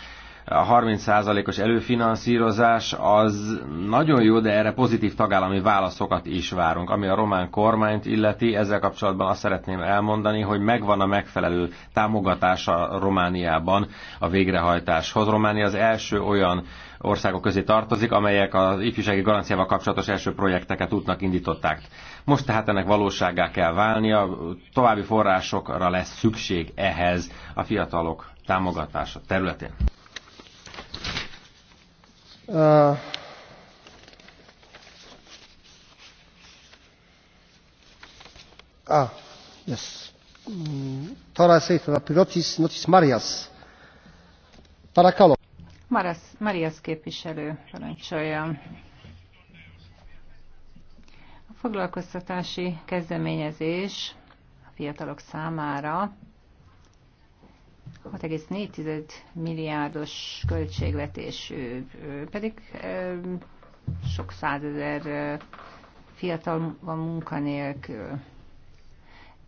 A 30%-os előfinanszírozás az nagyon jó, de erre pozitív tagállami válaszokat is várunk. Ami a román kormányt illeti, ezzel kapcsolatban azt szeretném elmondani, hogy megvan a megfelelő támogatása Romániában a végrehajtáshoz. Románia az első olyan országok közé tartozik, amelyek az ifjúsági garanciával kapcsolatos első projekteket útnak indították. Most tehát ennek valóságá kell válnia, további forrásokra lesz szükség ehhez a fiatalok támogatása területén. Uh, ah, yes. Taras Pirotis, Notis Marias. Parakalo. Marias, Marias képviselő, parancsolja. A foglalkoztatási kezdeményezés a fiatalok számára 6,4 milliárdos költségvetésű, pedig sok százezer fiatal van munkanélkül.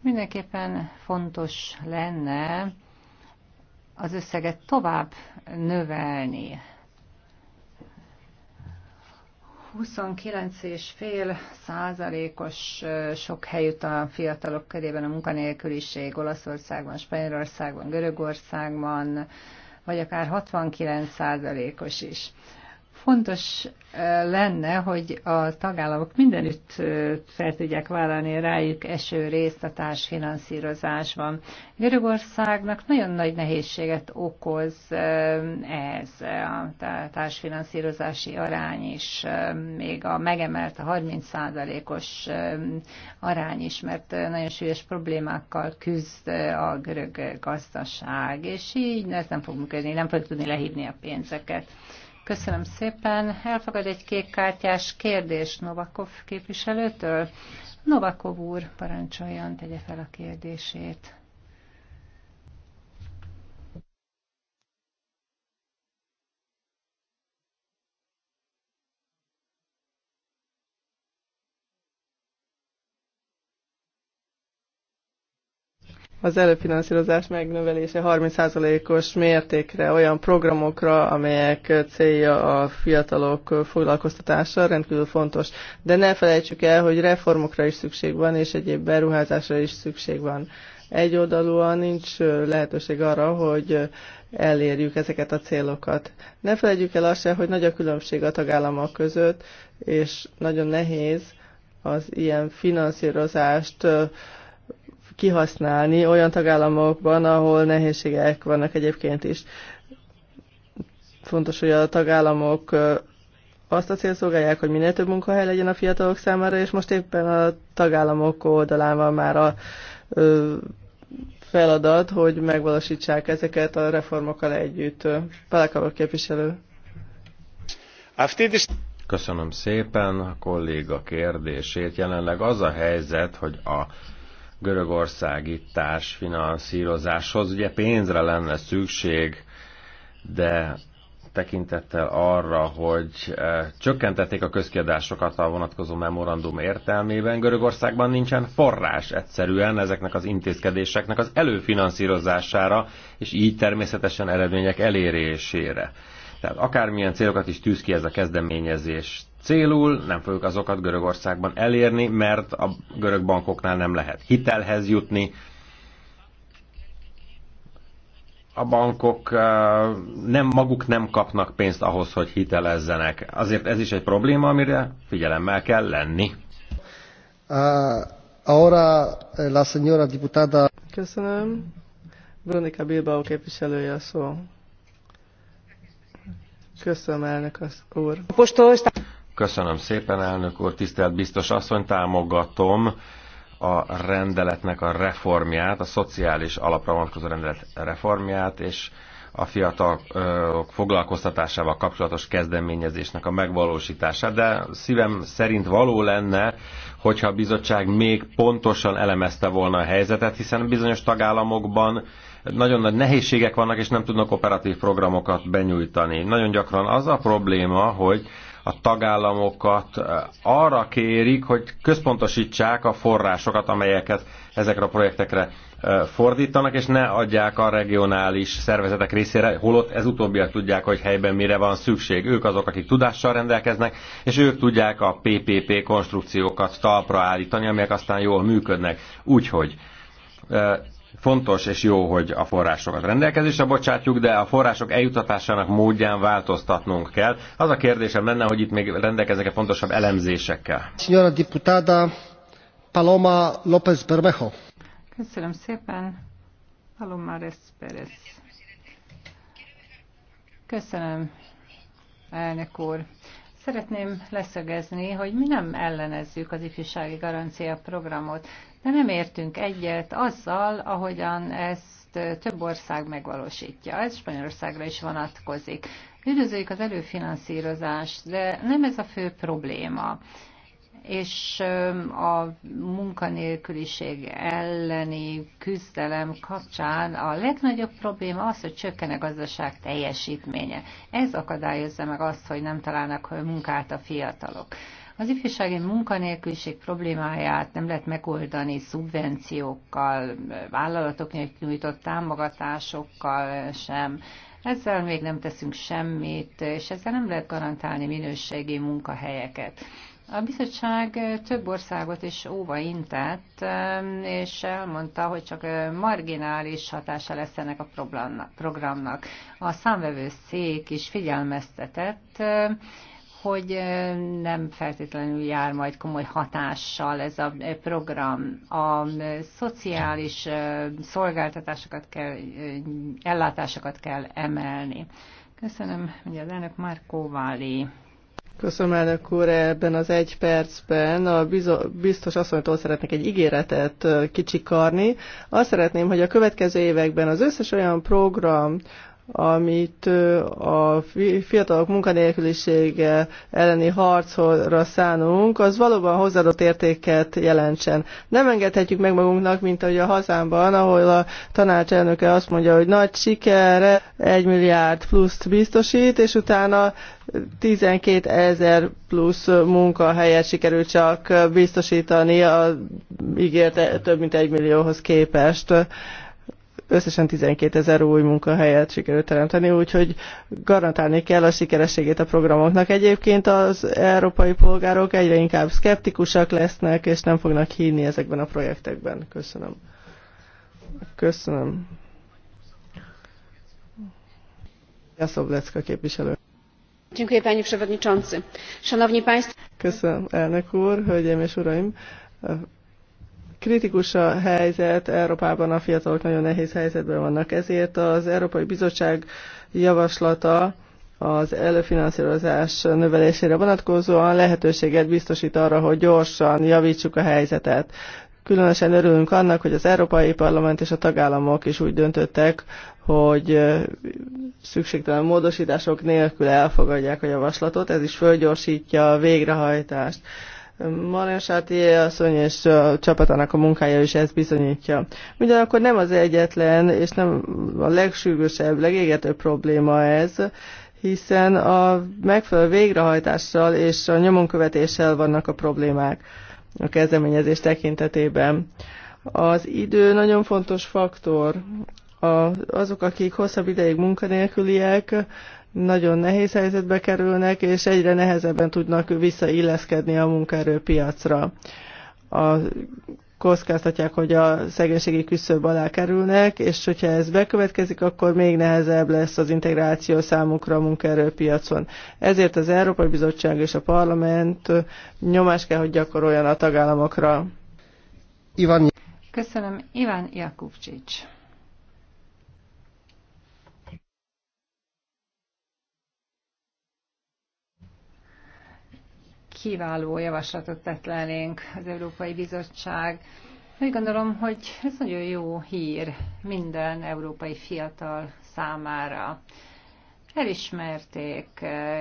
Mindenképpen fontos lenne az összeget tovább növelni 29 és fél százalékos sok helyütt a fiatalok körében a munkanélküliség Olaszországban, Spanyolországban, Görögországban, vagy akár 69 százalékos is. Fontos lenne, hogy a tagállamok mindenütt fel tudják vállalni rájuk eső részt a társfinanszírozásban. Görögországnak nagyon nagy nehézséget okoz ez a társfinanszírozási arány is, még a megemelt a 30%-os arány is, mert nagyon súlyos problémákkal küzd a görög gazdaság, és így ez nem fog működni, nem fog tudni lehívni a pénzeket. Köszönöm szépen. Elfogad egy kékkártyás kérdés Novakov képviselőtől? Novakov úr, parancsoljon, tegye fel a kérdését. az előfinanszírozás megnövelése 30%-os mértékre olyan programokra, amelyek célja a fiatalok foglalkoztatása, rendkívül fontos. De ne felejtsük el, hogy reformokra is szükség van, és egyéb beruházásra is szükség van. Egyoldalúan nincs lehetőség arra, hogy elérjük ezeket a célokat. Ne felejtjük el azt se, hogy nagy a különbség a tagállamok között, és nagyon nehéz az ilyen finanszírozást kihasználni olyan tagállamokban, ahol nehézségek vannak egyébként is. Fontos, hogy a tagállamok azt a célt szolgálják, hogy minél több munkahely legyen a fiatalok számára, és most éppen a tagállamok oldalán van már a feladat, hogy megvalósítsák ezeket a reformokkal együtt. Pelekava képviselő. Köszönöm szépen a kolléga kérdését. Jelenleg az a helyzet, hogy a görögországi társfinanszírozáshoz. Ugye pénzre lenne szükség, de tekintettel arra, hogy eh, csökkentették a közkiadásokat a vonatkozó memorandum értelmében, Görögországban nincsen forrás egyszerűen ezeknek az intézkedéseknek az előfinanszírozására, és így természetesen eredmények elérésére. Tehát akármilyen célokat is tűz ki ez a kezdeményezés, célul, nem fogjuk azokat Görögországban elérni, mert a görög bankoknál nem lehet hitelhez jutni. A bankok eh, nem, maguk nem kapnak pénzt ahhoz, hogy hitelezzenek. Azért ez is egy probléma, amire figyelemmel kell lenni. Eh, ahora eh, la señora diputada. Köszönöm. Brunika Bilbao képviselője a szó. Köszönöm, elnök az úr. Postos. Köszönöm szépen, elnök úr, tisztelt biztos asszony, támogatom a rendeletnek a reformját, a szociális alapra vonatkozó rendelet reformját, és a fiatal ö, foglalkoztatásával kapcsolatos kezdeményezésnek a megvalósítását, de szívem szerint való lenne, hogyha a bizottság még pontosan elemezte volna a helyzetet, hiszen bizonyos tagállamokban nagyon nagy nehézségek vannak, és nem tudnak operatív programokat benyújtani. Nagyon gyakran az a probléma, hogy a tagállamokat arra kérik, hogy központosítsák a forrásokat, amelyeket ezekre a projektekre fordítanak, és ne adják a regionális szervezetek részére, holott ez utóbbiak tudják, hogy helyben mire van szükség. Ők azok, akik tudással rendelkeznek, és ők tudják a PPP konstrukciókat talpra állítani, amelyek aztán jól működnek. Úgyhogy Fontos és jó, hogy a forrásokat rendelkezésre bocsátjuk, de a források eljutatásának módján változtatnunk kell. Az a kérdésem lenne, hogy itt még rendelkezek e fontosabb elemzésekkel. Signora diputada Paloma López Bermejo. Köszönöm szépen. Paloma Pérez. Köszönöm, elnök úr. Szeretném leszögezni, hogy mi nem ellenezzük az ifjúsági garancia programot de nem értünk egyet azzal, ahogyan ezt több ország megvalósítja. Ez Spanyolországra is vonatkozik. Üdvözöljük az előfinanszírozást, de nem ez a fő probléma és a munkanélküliség elleni küzdelem kapcsán a legnagyobb probléma az, hogy csökken a gazdaság teljesítménye. Ez akadályozza meg azt, hogy nem találnak munkát a fiatalok. Az ifjúsági munkanélküliség problémáját nem lehet megoldani szubvenciókkal, vállalatoknak nyújtott támogatásokkal sem. Ezzel még nem teszünk semmit, és ezzel nem lehet garantálni minőségi munkahelyeket. A bizottság több országot is óva intett, és elmondta, hogy csak marginális hatása lesz ennek a programnak. A számvevő szék is figyelmeztetett, hogy nem feltétlenül jár majd komoly hatással ez a program. A szociális szolgáltatásokat kell, ellátásokat kell emelni. Köszönöm, hogy az elnök már Kóváli. Köszönöm, elnök úr, ebben az egy percben a biztos asszonytól szeretnék egy ígéretet kicsikarni. Azt szeretném, hogy a következő években az összes olyan program, amit a fiatalok munkanélkülisége elleni harcra szánunk, az valóban hozzáadott értéket jelentsen. Nem engedhetjük meg magunknak, mint ahogy a hazámban, ahol a tanácselnöke azt mondja, hogy nagy sikerre 1 milliárd pluszt biztosít, és utána 12 ezer plusz munkahelyet sikerült csak biztosítani a ígérte több mint egy millióhoz képest Összesen 12 ezer új munkahelyet sikerült teremteni, úgyhogy garantálni kell a sikerességét a programoknak. Egyébként az európai polgárok egyre inkább szkeptikusak lesznek, és nem fognak hinni ezekben a projektekben. Köszönöm. Köszönöm. Jászló Lecka képviselő. Köszönöm, elnök úr, hölgyeim és uraim! Kritikus a helyzet, Európában a fiatalok nagyon nehéz helyzetben vannak, ezért az Európai Bizottság javaslata az előfinanszírozás növelésére vonatkozóan lehetőséget biztosít arra, hogy gyorsan javítsuk a helyzetet. Különösen örülünk annak, hogy az Európai Parlament és a tagállamok is úgy döntöttek, hogy szükségtelen módosítások nélkül elfogadják a javaslatot, ez is fölgyorsítja a végrehajtást. Marian Sátié asszony és a csapatának a munkája is ezt bizonyítja. Ugyanakkor nem az egyetlen, és nem a legsűrűsebb, legégetőbb probléma ez, hiszen a megfelelő végrehajtással és a nyomonkövetéssel vannak a problémák a kezdeményezés tekintetében. Az idő nagyon fontos faktor. A, azok, akik hosszabb ideig munkanélküliek, nagyon nehéz helyzetbe kerülnek, és egyre nehezebben tudnak visszailleszkedni a munkaerőpiacra. A kockáztatják, hogy a szegénységi küszöb alá kerülnek, és hogyha ez bekövetkezik, akkor még nehezebb lesz az integráció számukra a munkaerőpiacon. Ezért az Európai Bizottság és a Parlament nyomás kell, hogy gyakoroljon a tagállamokra. Ivan... Köszönöm, Iván Jakubcsics. kiváló javaslatot tett lennénk az Európai Bizottság. Úgy gondolom, hogy ez nagyon jó hír minden európai fiatal számára. Elismerték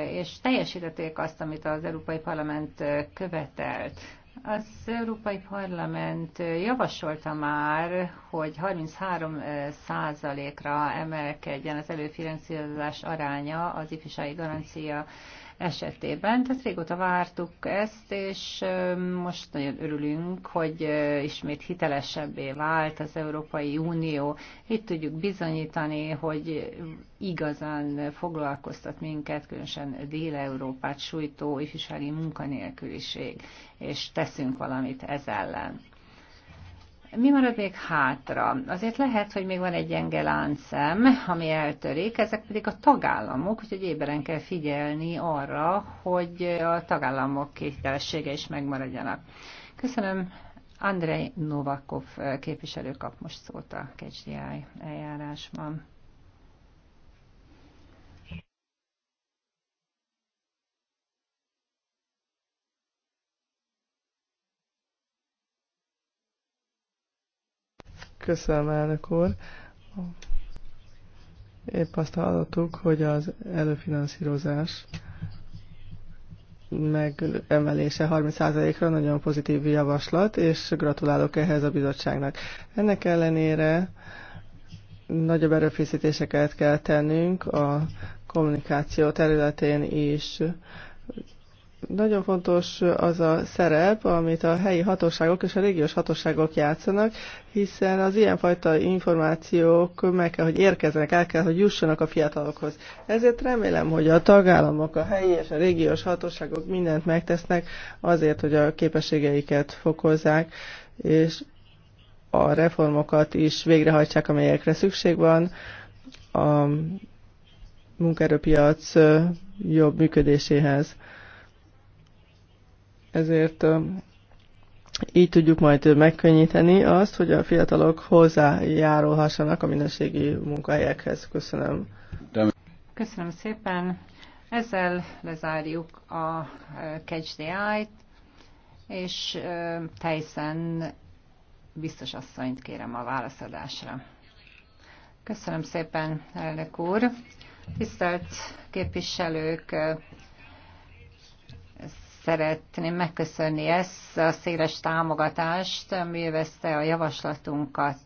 és teljesítették azt, amit az Európai Parlament követelt. Az Európai Parlament javasolta már, hogy 33 százalékra emelkedjen az előfinanszírozás aránya az ifjúsági garancia esetében. Tehát régóta vártuk ezt, és most nagyon örülünk, hogy ismét hitelesebbé vált az Európai Unió. Itt tudjuk bizonyítani, hogy igazán foglalkoztat minket, különösen Dél-Európát sújtó ifjúsági munkanélküliség, és teszünk valamit ez ellen. Mi marad még hátra? Azért lehet, hogy még van egy gyenge láncem, ami eltörik, ezek pedig a tagállamok, úgyhogy éberen kell figyelni arra, hogy a tagállamok kételessége is megmaradjanak. Köszönöm. Andrei Novakov képviselő kap most szót a kecsdiáj eljárásban. Köszönöm, elnök úr. Épp azt hallottuk, hogy az előfinanszírozás megemelése 30%-ra nagyon pozitív javaslat, és gratulálok ehhez a bizottságnak. Ennek ellenére nagyobb erőfészítéseket kell tennünk a kommunikáció területén is nagyon fontos az a szerep, amit a helyi hatóságok és a régiós hatóságok játszanak, hiszen az ilyenfajta információk meg kell, hogy érkeznek, el kell, hogy jussanak a fiatalokhoz. Ezért remélem, hogy a tagállamok, a helyi és a régiós hatóságok mindent megtesznek azért, hogy a képességeiket fokozzák, és a reformokat is végrehajtsák, amelyekre szükség van. A munkaerőpiac jobb működéséhez. Ezért így tudjuk majd megkönnyíteni azt, hogy a fiatalok hozzájárulhassanak a minőségi munkahelyekhez. Köszönöm. Köszönöm szépen. Ezzel lezárjuk a Catch the Eye-t, és teljesen biztos asszonyt kérem a válaszadásra. Köszönöm szépen, elnök úr. Tisztelt képviselők, Szeretném megköszönni ezt a széles támogatást, ami övezte a javaslatunkat,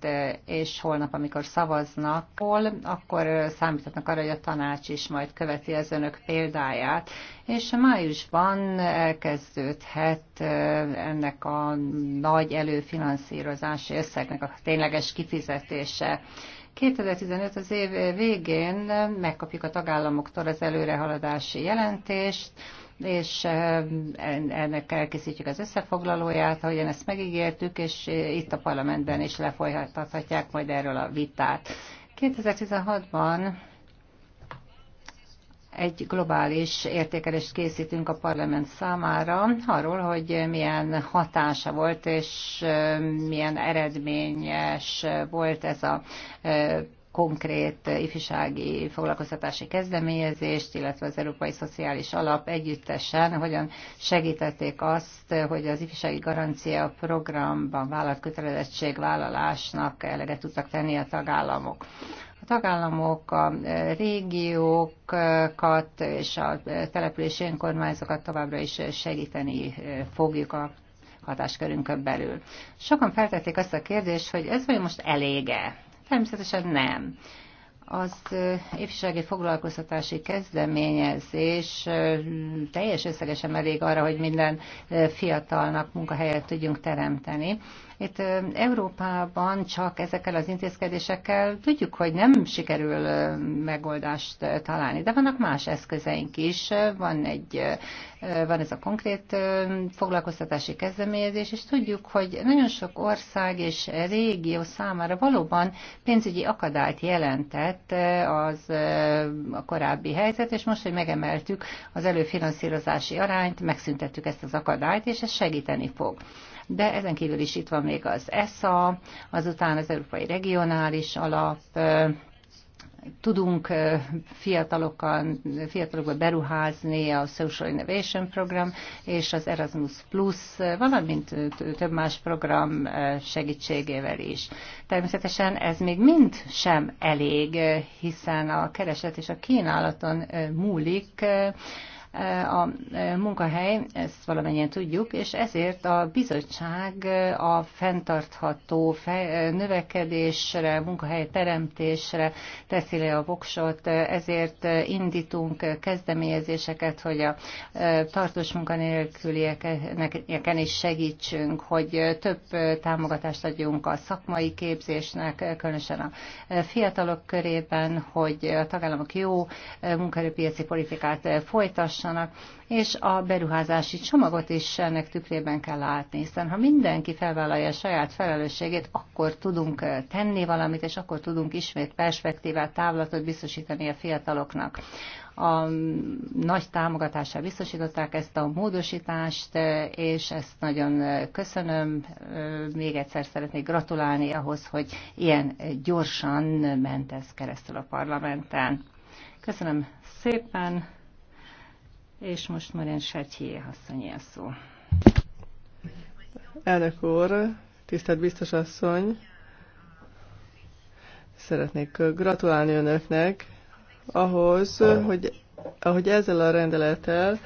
és holnap, amikor szavaznak, hol, akkor számítatnak arra, hogy a tanács is majd követi az önök példáját, és májusban elkezdődhet ennek a nagy előfinanszírozási összegnek a tényleges kifizetése. 2015 az év végén megkapjuk a tagállamoktól az előrehaladási jelentést, és ennek elkészítjük az összefoglalóját, ahogyan ezt megígértük, és itt a parlamentben is lefolytathatják majd erről a vitát. 2016-ban egy globális értékelést készítünk a parlament számára arról, hogy milyen hatása volt és milyen eredményes volt ez a konkrét ifjúsági foglalkoztatási kezdeményezést, illetve az Európai Szociális Alap együttesen hogyan segítették azt, hogy az ifjúsági garancia programban vállalt kötelezettségvállalásnak eleget tudtak tenni a tagállamok. A tagállamok, a e, régiókat és a e, települési önkormányzatokat továbbra is segíteni e, fogjuk a hatáskörünkön belül. Sokan feltették azt a kérdést, hogy ez vagy most elége? Természetesen nem. Az ifjúsági foglalkoztatási kezdeményezés teljes összegesen elég arra, hogy minden fiatalnak munkahelyet tudjunk teremteni. Itt Európában csak ezekkel az intézkedésekkel tudjuk, hogy nem sikerül megoldást találni, de vannak más eszközeink is. Van egy van ez a konkrét foglalkoztatási kezdeményezés, és tudjuk, hogy nagyon sok ország és régió számára valóban pénzügyi akadályt jelentett az a korábbi helyzet, és most, hogy megemeltük az előfinanszírozási arányt, megszüntettük ezt az akadályt, és ez segíteni fog de ezen kívül is itt van még az ESA, azután az Európai Regionális Alap, tudunk fiatalokkal, fiatalokba beruházni a Social Innovation Program és az Erasmus Plus, valamint több más program segítségével is. Természetesen ez még mind sem elég, hiszen a kereslet és a kínálaton múlik, a munkahely, ezt valamennyien tudjuk, és ezért a bizottság a fenntartható növekedésre, munkahely teremtésre teszi le a voksot, ezért indítunk kezdeményezéseket, hogy a e, tartós munkanélkülieken is segítsünk, hogy több támogatást adjunk a szakmai képzésnek, különösen a fiatalok körében, hogy a tagállamok jó munkaerőpiaci politikát folytassanak, támogassanak, és a beruházási csomagot is ennek tükrében kell látni, hiszen ha mindenki felvállalja a saját felelősségét, akkor tudunk tenni valamit, és akkor tudunk ismét perspektívát, távlatot biztosítani a fiataloknak a nagy támogatással biztosították ezt a módosítást, és ezt nagyon köszönöm. Még egyszer szeretnék gratulálni ahhoz, hogy ilyen gyorsan ment ez keresztül a parlamenten. Köszönöm szépen és most már én Sátyé asszony a szó. Elnök úr, tisztelt biztos asszony, szeretnék gratulálni önöknek ahhoz, hogy ahogy ezzel a rendelettel,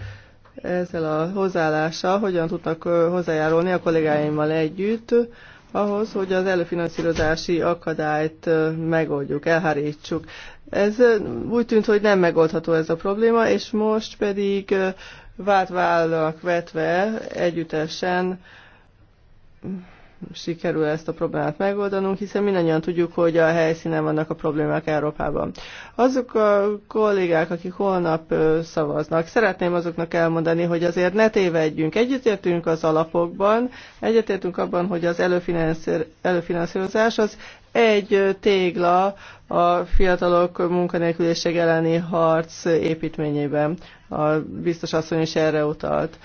ezzel a hozzáállással hogyan tudnak hozzájárulni a kollégáimmal együtt, ahhoz, hogy az előfinanszírozási akadályt megoldjuk, elhárítsuk. Ez úgy tűnt, hogy nem megoldható ez a probléma, és most pedig vált vállak vetve együttesen mm, sikerül ezt a problémát megoldanunk, hiszen mindannyian tudjuk, hogy a helyszínen vannak a problémák Európában. Azok a kollégák, akik holnap szavaznak, szeretném azoknak elmondani, hogy azért ne tévedjünk. Egyetértünk az alapokban, egyetértünk abban, hogy az előfinanszírozás az egy tégla a fiatalok munkanélküliség elleni harc építményében. A biztos asszony is erre utalt.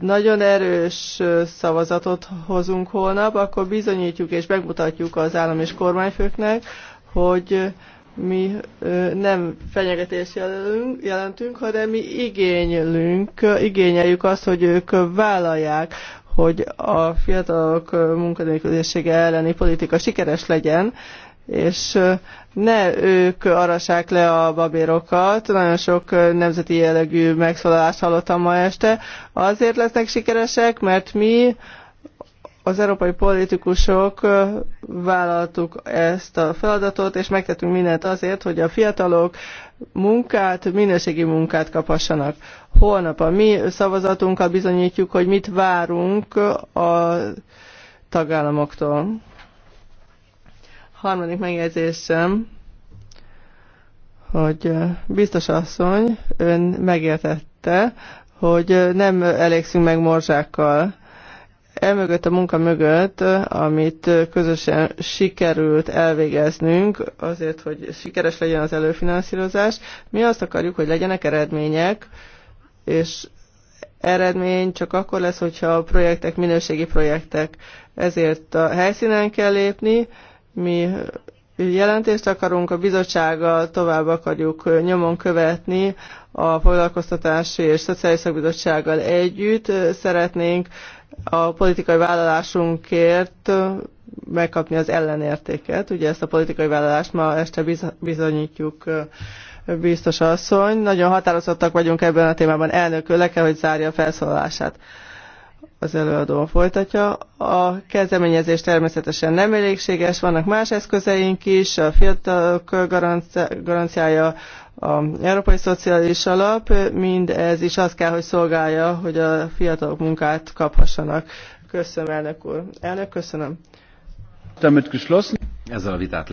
Nagyon erős szavazatot hozunk holnap, akkor bizonyítjuk és megmutatjuk az állam és kormányfőknek, hogy mi nem fenyegetés jelentünk, hanem mi igénylünk, igényeljük azt, hogy ők vállalják hogy a fiatalok munkanélkülisége elleni politika sikeres legyen, és ne ők arassák le a babérokat, nagyon sok nemzeti jellegű megszólalást hallottam ma este, azért lesznek sikeresek, mert mi az európai politikusok vállaltuk ezt a feladatot, és megtettünk mindent azért, hogy a fiatalok munkát, minőségi munkát kaphassanak. Holnap a mi szavazatunkkal bizonyítjuk, hogy mit várunk a tagállamoktól. Harmadik megjegyzésem, hogy biztos asszony, ön megértette, hogy nem elégszünk meg morzsákkal Elmögött a munka mögött, amit közösen sikerült elvégeznünk, azért, hogy sikeres legyen az előfinanszírozás, mi azt akarjuk, hogy legyenek eredmények, és eredmény csak akkor lesz, hogyha a projektek minőségi projektek. Ezért a helyszínen kell lépni, mi jelentést akarunk, a bizottsággal tovább akarjuk nyomon követni, a foglalkoztatási és szociális szakbizottsággal együtt szeretnénk a politikai vállalásunkért megkapni az ellenértéket. Ugye ezt a politikai vállalást ma este bizonyítjuk biztos asszony. Nagyon határozottak vagyunk ebben a témában. Elnök le kell, hogy zárja a felszólalását. Az előadó folytatja. A kezdeményezés természetesen nem elégséges, vannak más eszközeink is, a fiatalok garanciája, a Európai Szociális Alap, mindez is azt kell, hogy szolgálja, hogy a fiatalok munkát kaphassanak. Köszönöm, elnök úr. Elnök, köszönöm. Ezzel a vitát